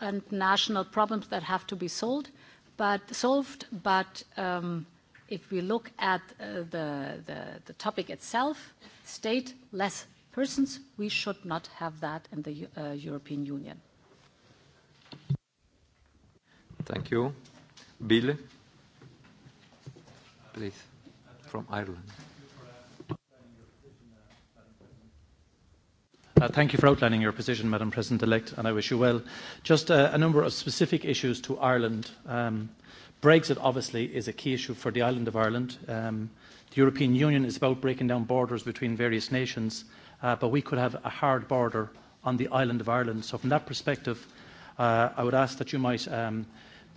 and national problems that have to be solved, but solved. But um, if we look at uh, the, the, the topic itself, state less persons, we should not have that in the uh, European Union. Thank you. Bill, please, from Ireland. Uh, thank you for outlining your position, Madam President-elect, and I wish you well. Just uh, a number of specific issues to Ireland. Um, Brexit, obviously, is a key issue for the island of Ireland. Um, the European Union is about breaking down borders between various nations, uh, but we could have a hard border on the island of Ireland. So from that perspective, uh, I would ask that you might um,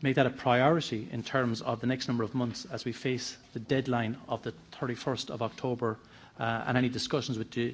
make that a priority in terms of the next number of months as we face the deadline of the 31st of October uh, and any discussions with the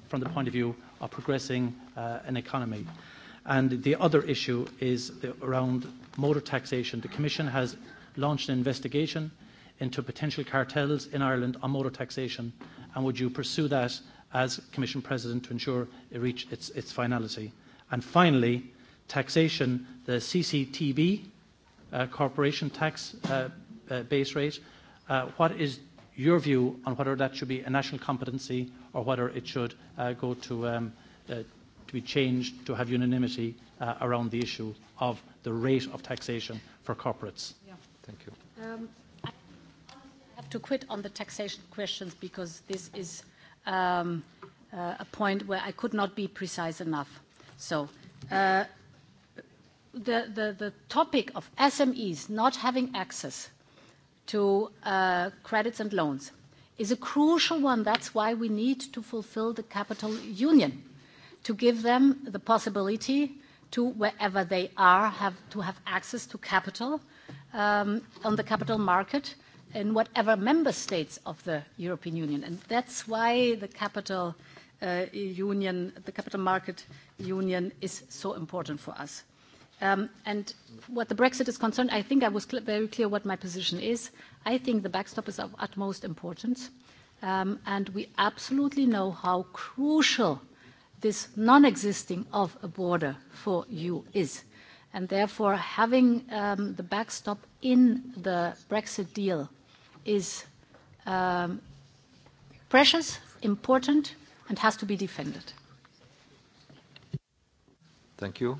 from the point of view of progressing uh, an economy. And the other issue is the, around motor taxation. The Commission has launched an investigation into potential cartels in Ireland on motor taxation, and would you pursue that as Commission President to ensure it reach its, its finality? And finally, taxation, the CCTB uh, corporation tax uh, uh, base rate. Uh, what is your view on whether that should be a national competency or whether it should uh, go to, um, uh, to be changed to have unanimity uh, around the issue of the rate of taxation for corporates. Yeah. Thank you. Um, I have to quit on the taxation questions because this is um, uh, a point where I could not be precise enough. So uh, the, the, the topic of SMEs not having access to uh, credits and loans is a crucial one. That's why we need to fulfill the capital union, to give them the possibility to, wherever they are, have, to have access to capital um, on the capital market in whatever member states of the European Union. And that's why the capital uh, union, the capital market union is so important for us. Um, and what the Brexit is concerned, I think I was very clear what my position is. I think the backstop is of utmost importance. Um, and we absolutely know how crucial this non-existing of a border for you is. And therefore, having um, the backstop in the Brexit deal is precious, important, and has to be defended. Thank you.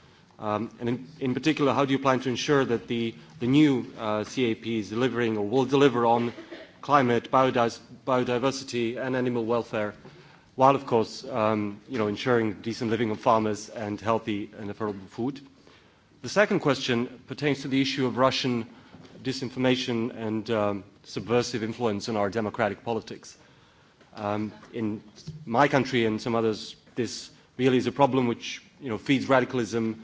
Um, and in, in particular, how do you plan to ensure that the, the new uh, CAP is delivering or will deliver on climate, biodiversity and animal welfare, while of course um, you know, ensuring decent living of farmers and healthy and affordable food? The second question pertains to the issue of Russian disinformation and um, subversive influence on our democratic politics. Um, in my country and some others, this really is a problem which you know, feeds radicalism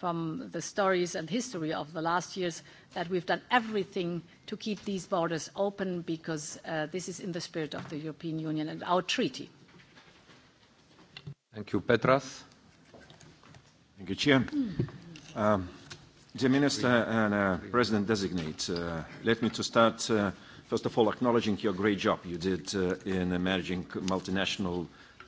from the stories and history of the last years that we've done everything to keep these borders open because uh, this is in the spirit of the European Union and our treaty. Thank you, Petras. Thank you, Chair. Um, dear Minister and uh, President-designate, uh, let me to start, first of all, acknowledging your great job you did in managing multinational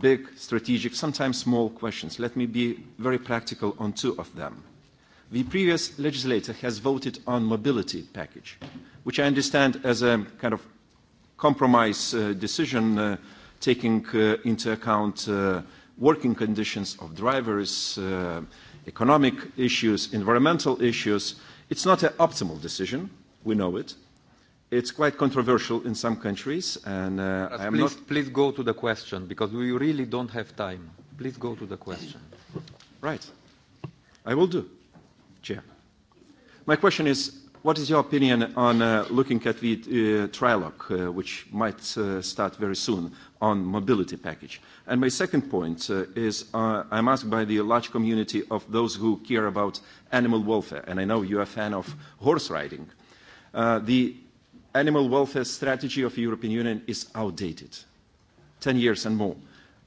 big, strategic, sometimes small questions. Let me be very practical on two of them. The previous legislator has voted on mobility package, which I understand as a kind of compromise uh, decision uh, taking uh, into account uh, working conditions of drivers, uh, economic issues, environmental issues. It's not an optimal decision, we know it, it's quite controversial in some countries, and uh, yes, I am please, not... Please go to the question, because we really don't have time. Please go to the question. Right. I will do, Chair. My question is, what is your opinion on uh, looking at the uh, trilogue, uh, which might uh, start very soon, on mobility package? And my second point uh, is, uh, I'm asked by the large community of those who care about animal welfare, and I know you're a fan of horse riding. Uh, the animal welfare strategy of the European Union is outdated. 10 years and more.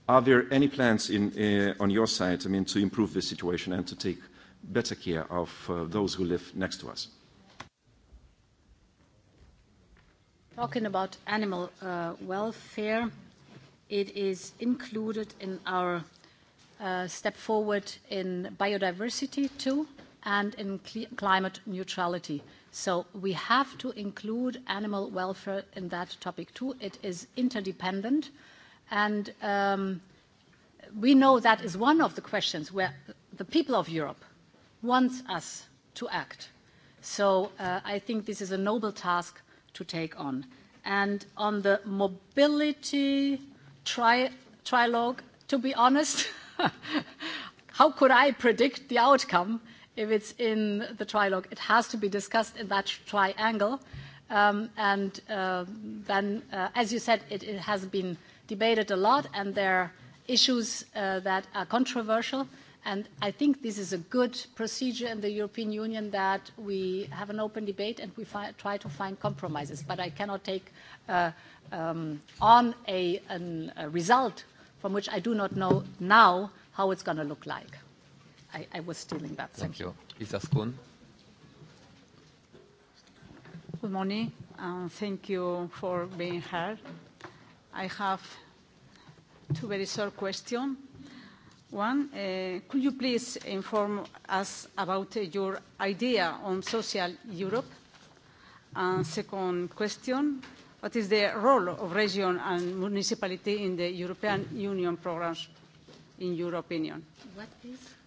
Are there any plans in, uh, on your side, I mean, to improve the situation and to take better care of uh, those who live next to us? Talking about animal uh, welfare, it is included in our step forward in biodiversity too and in cl climate neutrality. So we have to include animal welfare in that topic too. It is interdependent. And um, we know that is one of the questions where the people of Europe wants us to act. So uh, I think this is a noble task to take on. And on the mobility tri trilogue, to be honest, how could I predict the outcome? if it's in the trilogue, it has to be discussed in that triangle. Um, and uh, then, uh, as you said, it, it has been debated a lot, and there are issues uh, that are controversial. And I think this is a good procedure in the European Union that we have an open debate and we try to find compromises. But I cannot take uh, um, on a, an, a result from which I do not know now how it's going to look like. I, I was stealing that. Thank, Thank you. Lisa Schoon. Good morning. Um, thank you for being here. I have two very short questions. One, uh, could you please inform us about uh, your idea on social Europe? And second question, what is the role of region and municipality in the European Union programs, in your opinion? What, please?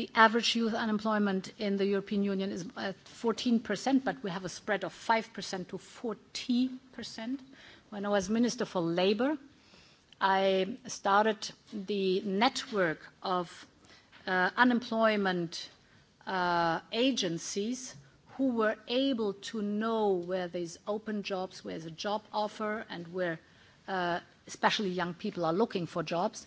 The average youth unemployment in the European Union is at uh, 14%, but we have a spread of 5% to 40%. When I was Minister for Labour, I started the network of uh, unemployment uh, agencies who were able to know where there's open jobs, where there's a job offer, and where uh, especially young people are looking for jobs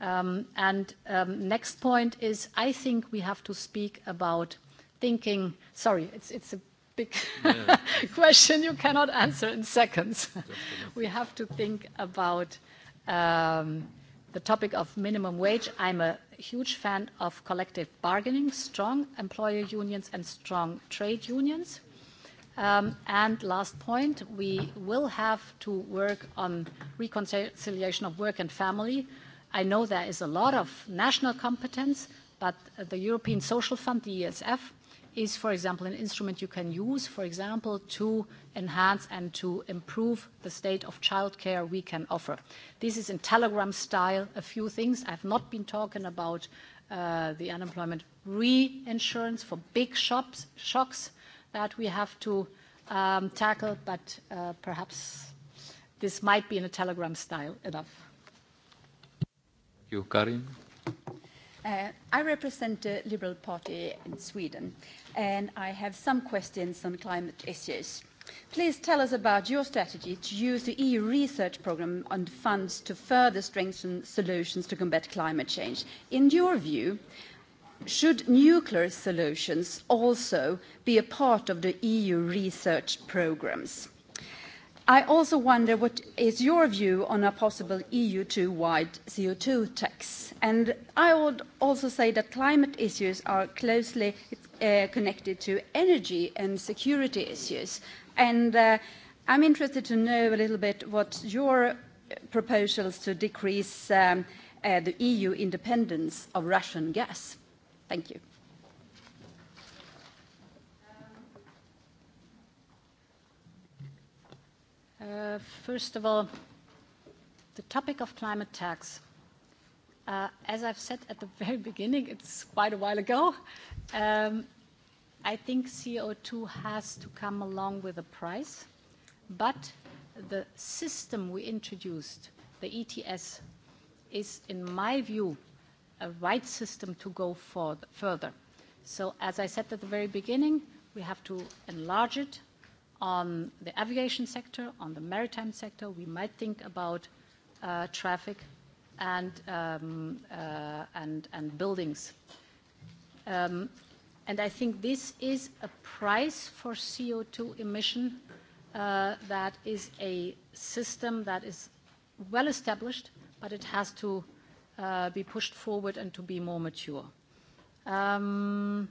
Um, and um, next point is, I think we have to speak about thinking. Sorry, it's a big question you cannot answer in seconds. we have to think about um, the topic of minimum wage. I'm a huge fan of collective bargaining, strong employer unions and strong trade unions. and last point, we will have to work on reconciliation of work and family I know there is a lot of national competence, but the European Social Fund, the ESF, is, for example, an instrument you can use, for example, to enhance and to improve the state of childcare we can offer. This is in telegram style, a few things. I've not been talking about uh, the unemployment reinsurance for big shops, shocks that we have to um, tackle, but uh, perhaps this might be in a telegram style enough. Karin. Eh, I represent the Liberal Party in Sweden, and I have some questions on climate issues. Please tell us about your strategy to use the EU research program on funds to further strengthen solutions to combat climate change. In your view, should nuclear solutions also be a part of the EU research programs? I also wonder what is your view on a possible EU-wide CO2 tax? impacts. And I would also say that climate issues are closely uh, connected to energy and security issues. And uh, I'm interested to know a little bit what your proposals to decrease um, uh, the EU independence of Russian gas. Thank you. Uh, first of all, the topic of climate tax Uh, as I've said at the very beginning, it's quite a while ago, um, I think CO2 has to come along with a price, but the system we introduced, the ETS, is, in my view, a right system to go for, further. So as I said at the very beginning, we have to enlarge it on the aviation sector, on the maritime sector. We might think about uh, traffic, and, um, uh, and, and buildings. Um, and I think this is a price for CO2 emission uh, that is a system that is well established, but it has to uh, be pushed forward and to be more mature. Um,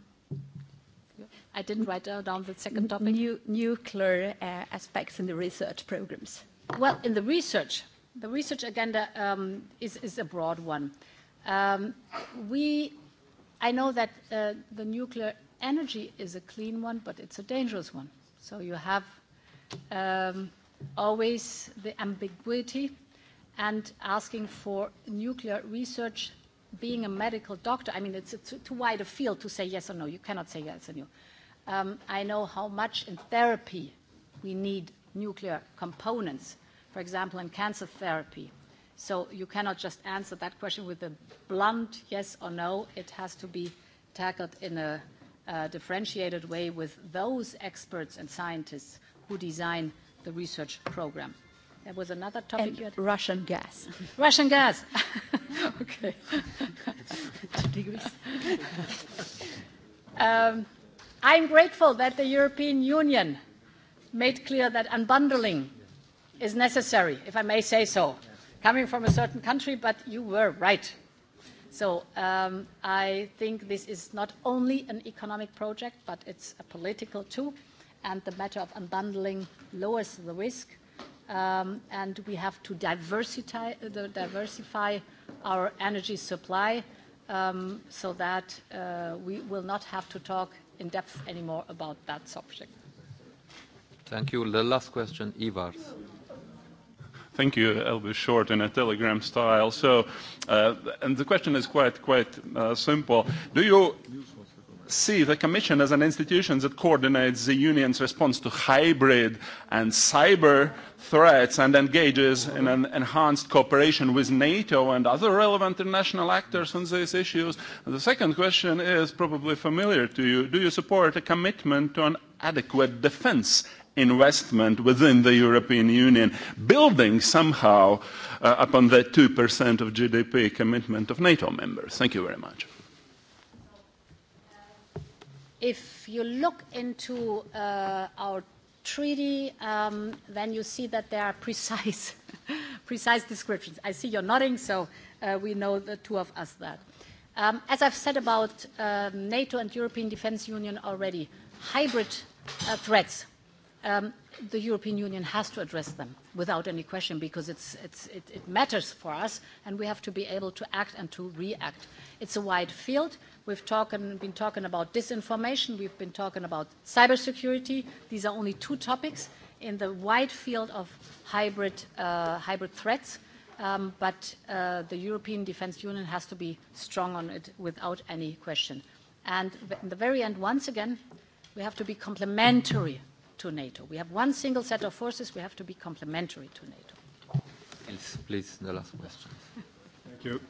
I didn't write down the second topic. New, nuclear uh, aspects in the research programs. Well, in the research, the research agenda um, is, is a broad one. Um, we, I know that uh, the nuclear energy is a clean one, but it's a dangerous one. So you have um, always the ambiguity and asking for nuclear research being a medical doctor, I mean, it's a too, too wide a field to say yes or no. You cannot say yes or no. Um, I know how much in therapy we need nuclear components for example, in cancer therapy. So you cannot just answer that question with a blunt yes or no. It has to be tackled in a differentiated way with those experts and scientists who design the research program. There was another topic and you had. Russian gas. Russian gas. okay. um, I'm grateful that the European Union made clear that unbundling is necessary, if I may say so, coming from a certain country, but you were right. So um, I think this is not only an economic project, but it's a political too, and the matter of unbundling lowers the risk, um, and we have to diversify, diversify our energy supply um, so that uh, we will not have to talk in depth anymore about that subject. Thank you. The last question, Ivars. Thank you, Elvis Short, in a telegram style. So, uh, and the question is quite, quite uh, simple. Do you see the Commission as an institution that coordinates the Union's response to hybrid and cyber threats and engages in an enhanced cooperation with NATO and other relevant international actors on these issues? And the second question is probably familiar to you. Do you support a commitment to an adequate defense investment within the European Union, building somehow uh, upon the 2% of GDP commitment of NATO members. Thank you very much. If you look into uh, our treaty, um, then you see that there are precise, precise descriptions. I see you're nodding, so uh, we know, the two of us, that. Um, as I've said about uh, NATO and European Defence Union already, hybrid uh, threats um, the European Union has to address them without any question because it's, it's, it, it matters for us and we have to be able to act and to react. It's a wide field. We've talking, been talking about disinformation. We've been talking about cybersecurity. These are only two topics in the wide field of hybrid, uh, hybrid threats. Um, but uh, the European Defence Union has to be strong on it without any question. And in the very end, once again, we have to be complementary to NATO. We have one single set of forces. We have to be complementary to NATO. Yes, please, the last question. Thank you.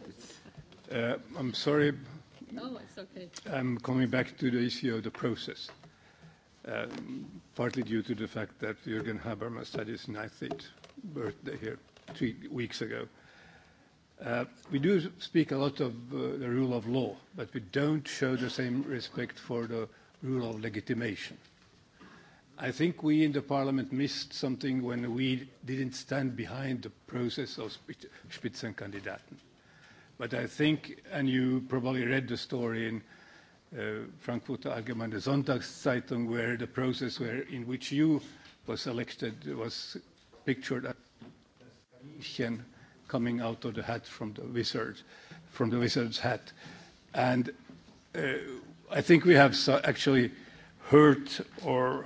Uh, I'm sorry. No, oh, it's okay. I'm coming back to the issue of the process, um, partly due to the fact that Jürgen Habermas had his 90th birthday here three weeks ago. Uh, we do speak a lot of uh, the rule of law, but we don't show the same respect for the rule of legitimation. I think we in the parliament missed something when we didn't stand behind the process of Spitzenkandidaten. But I think, and you probably read the story in uh, Frankfurter Allgemeine Sonntagszeitung, where the process where, in which you was elected was pictured as Kaninchen coming out of the hat from the wizard, from the wizard's hat. And uh, I think we have so actually hurt or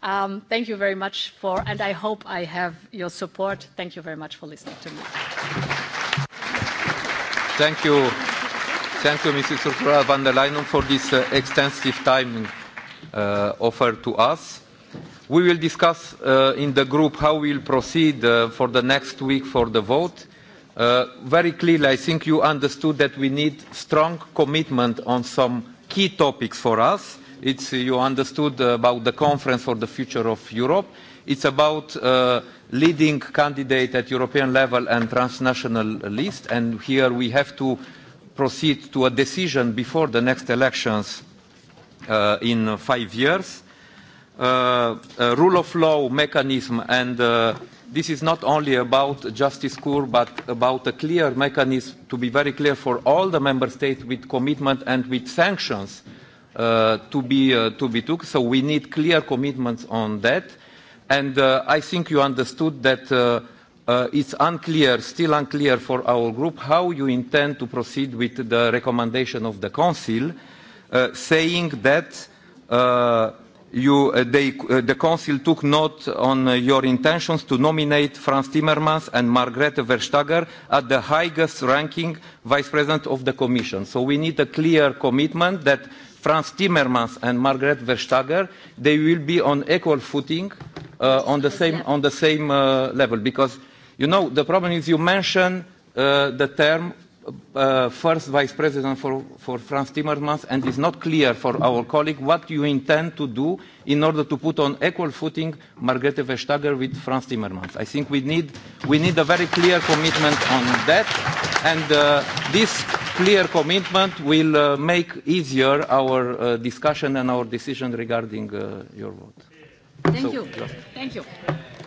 Um, thank you very much for, and I hope I have your support. Thank you very much for listening to me. Thank you. Thank you, Mrs. Ursula van der Leyen, for this uh, extensive time uh, offered to us. We will discuss uh, in the group how we will proceed for the next week for the vote. very clearly, I think you understood that we need strong commitment on some key topics for us It's, uh, you understood uh, about the conference for the future of Europe. It's about uh, leading candidate at European level and transnational list. And here we have to proceed to a decision before the next elections uh, in five years. Uh, uh, rule of law mechanism and uh, this is not only about justice core but about a clear mechanism to be very clear for all the member states with commitment and with sanctions uh, uh, to, be, uh, to be took. So we need clear commitments on that. And uh, I think you understood that uh, uh, it's unclear, still unclear for our group, how you intend to proceed with the recommendation of the Council, uh, saying that uh, you, uh, they, uh, the Council took note on uh, your intentions to nominate Franz Timmermans and Margrethe Verstager at the highest ranking Vice President of the Commission. So we need a clear commitment that Franz Timmermans and Margaret Vestager, they will be on equal footing uh, on the same, on the same uh, level. Because, you know, the problem is you mention uh, the term uh, first vice president for, for Franz Timmermans, and it's not clear for our colleague what you intend to do in order to put on equal footing Margrethe Vestager with Franz Timmermans. I think we need, we need a very clear commitment on that, and uh, this clear commitment will uh, make easier our uh, discussion and our decision regarding uh, your vote. Thank so, you. Just. Thank you.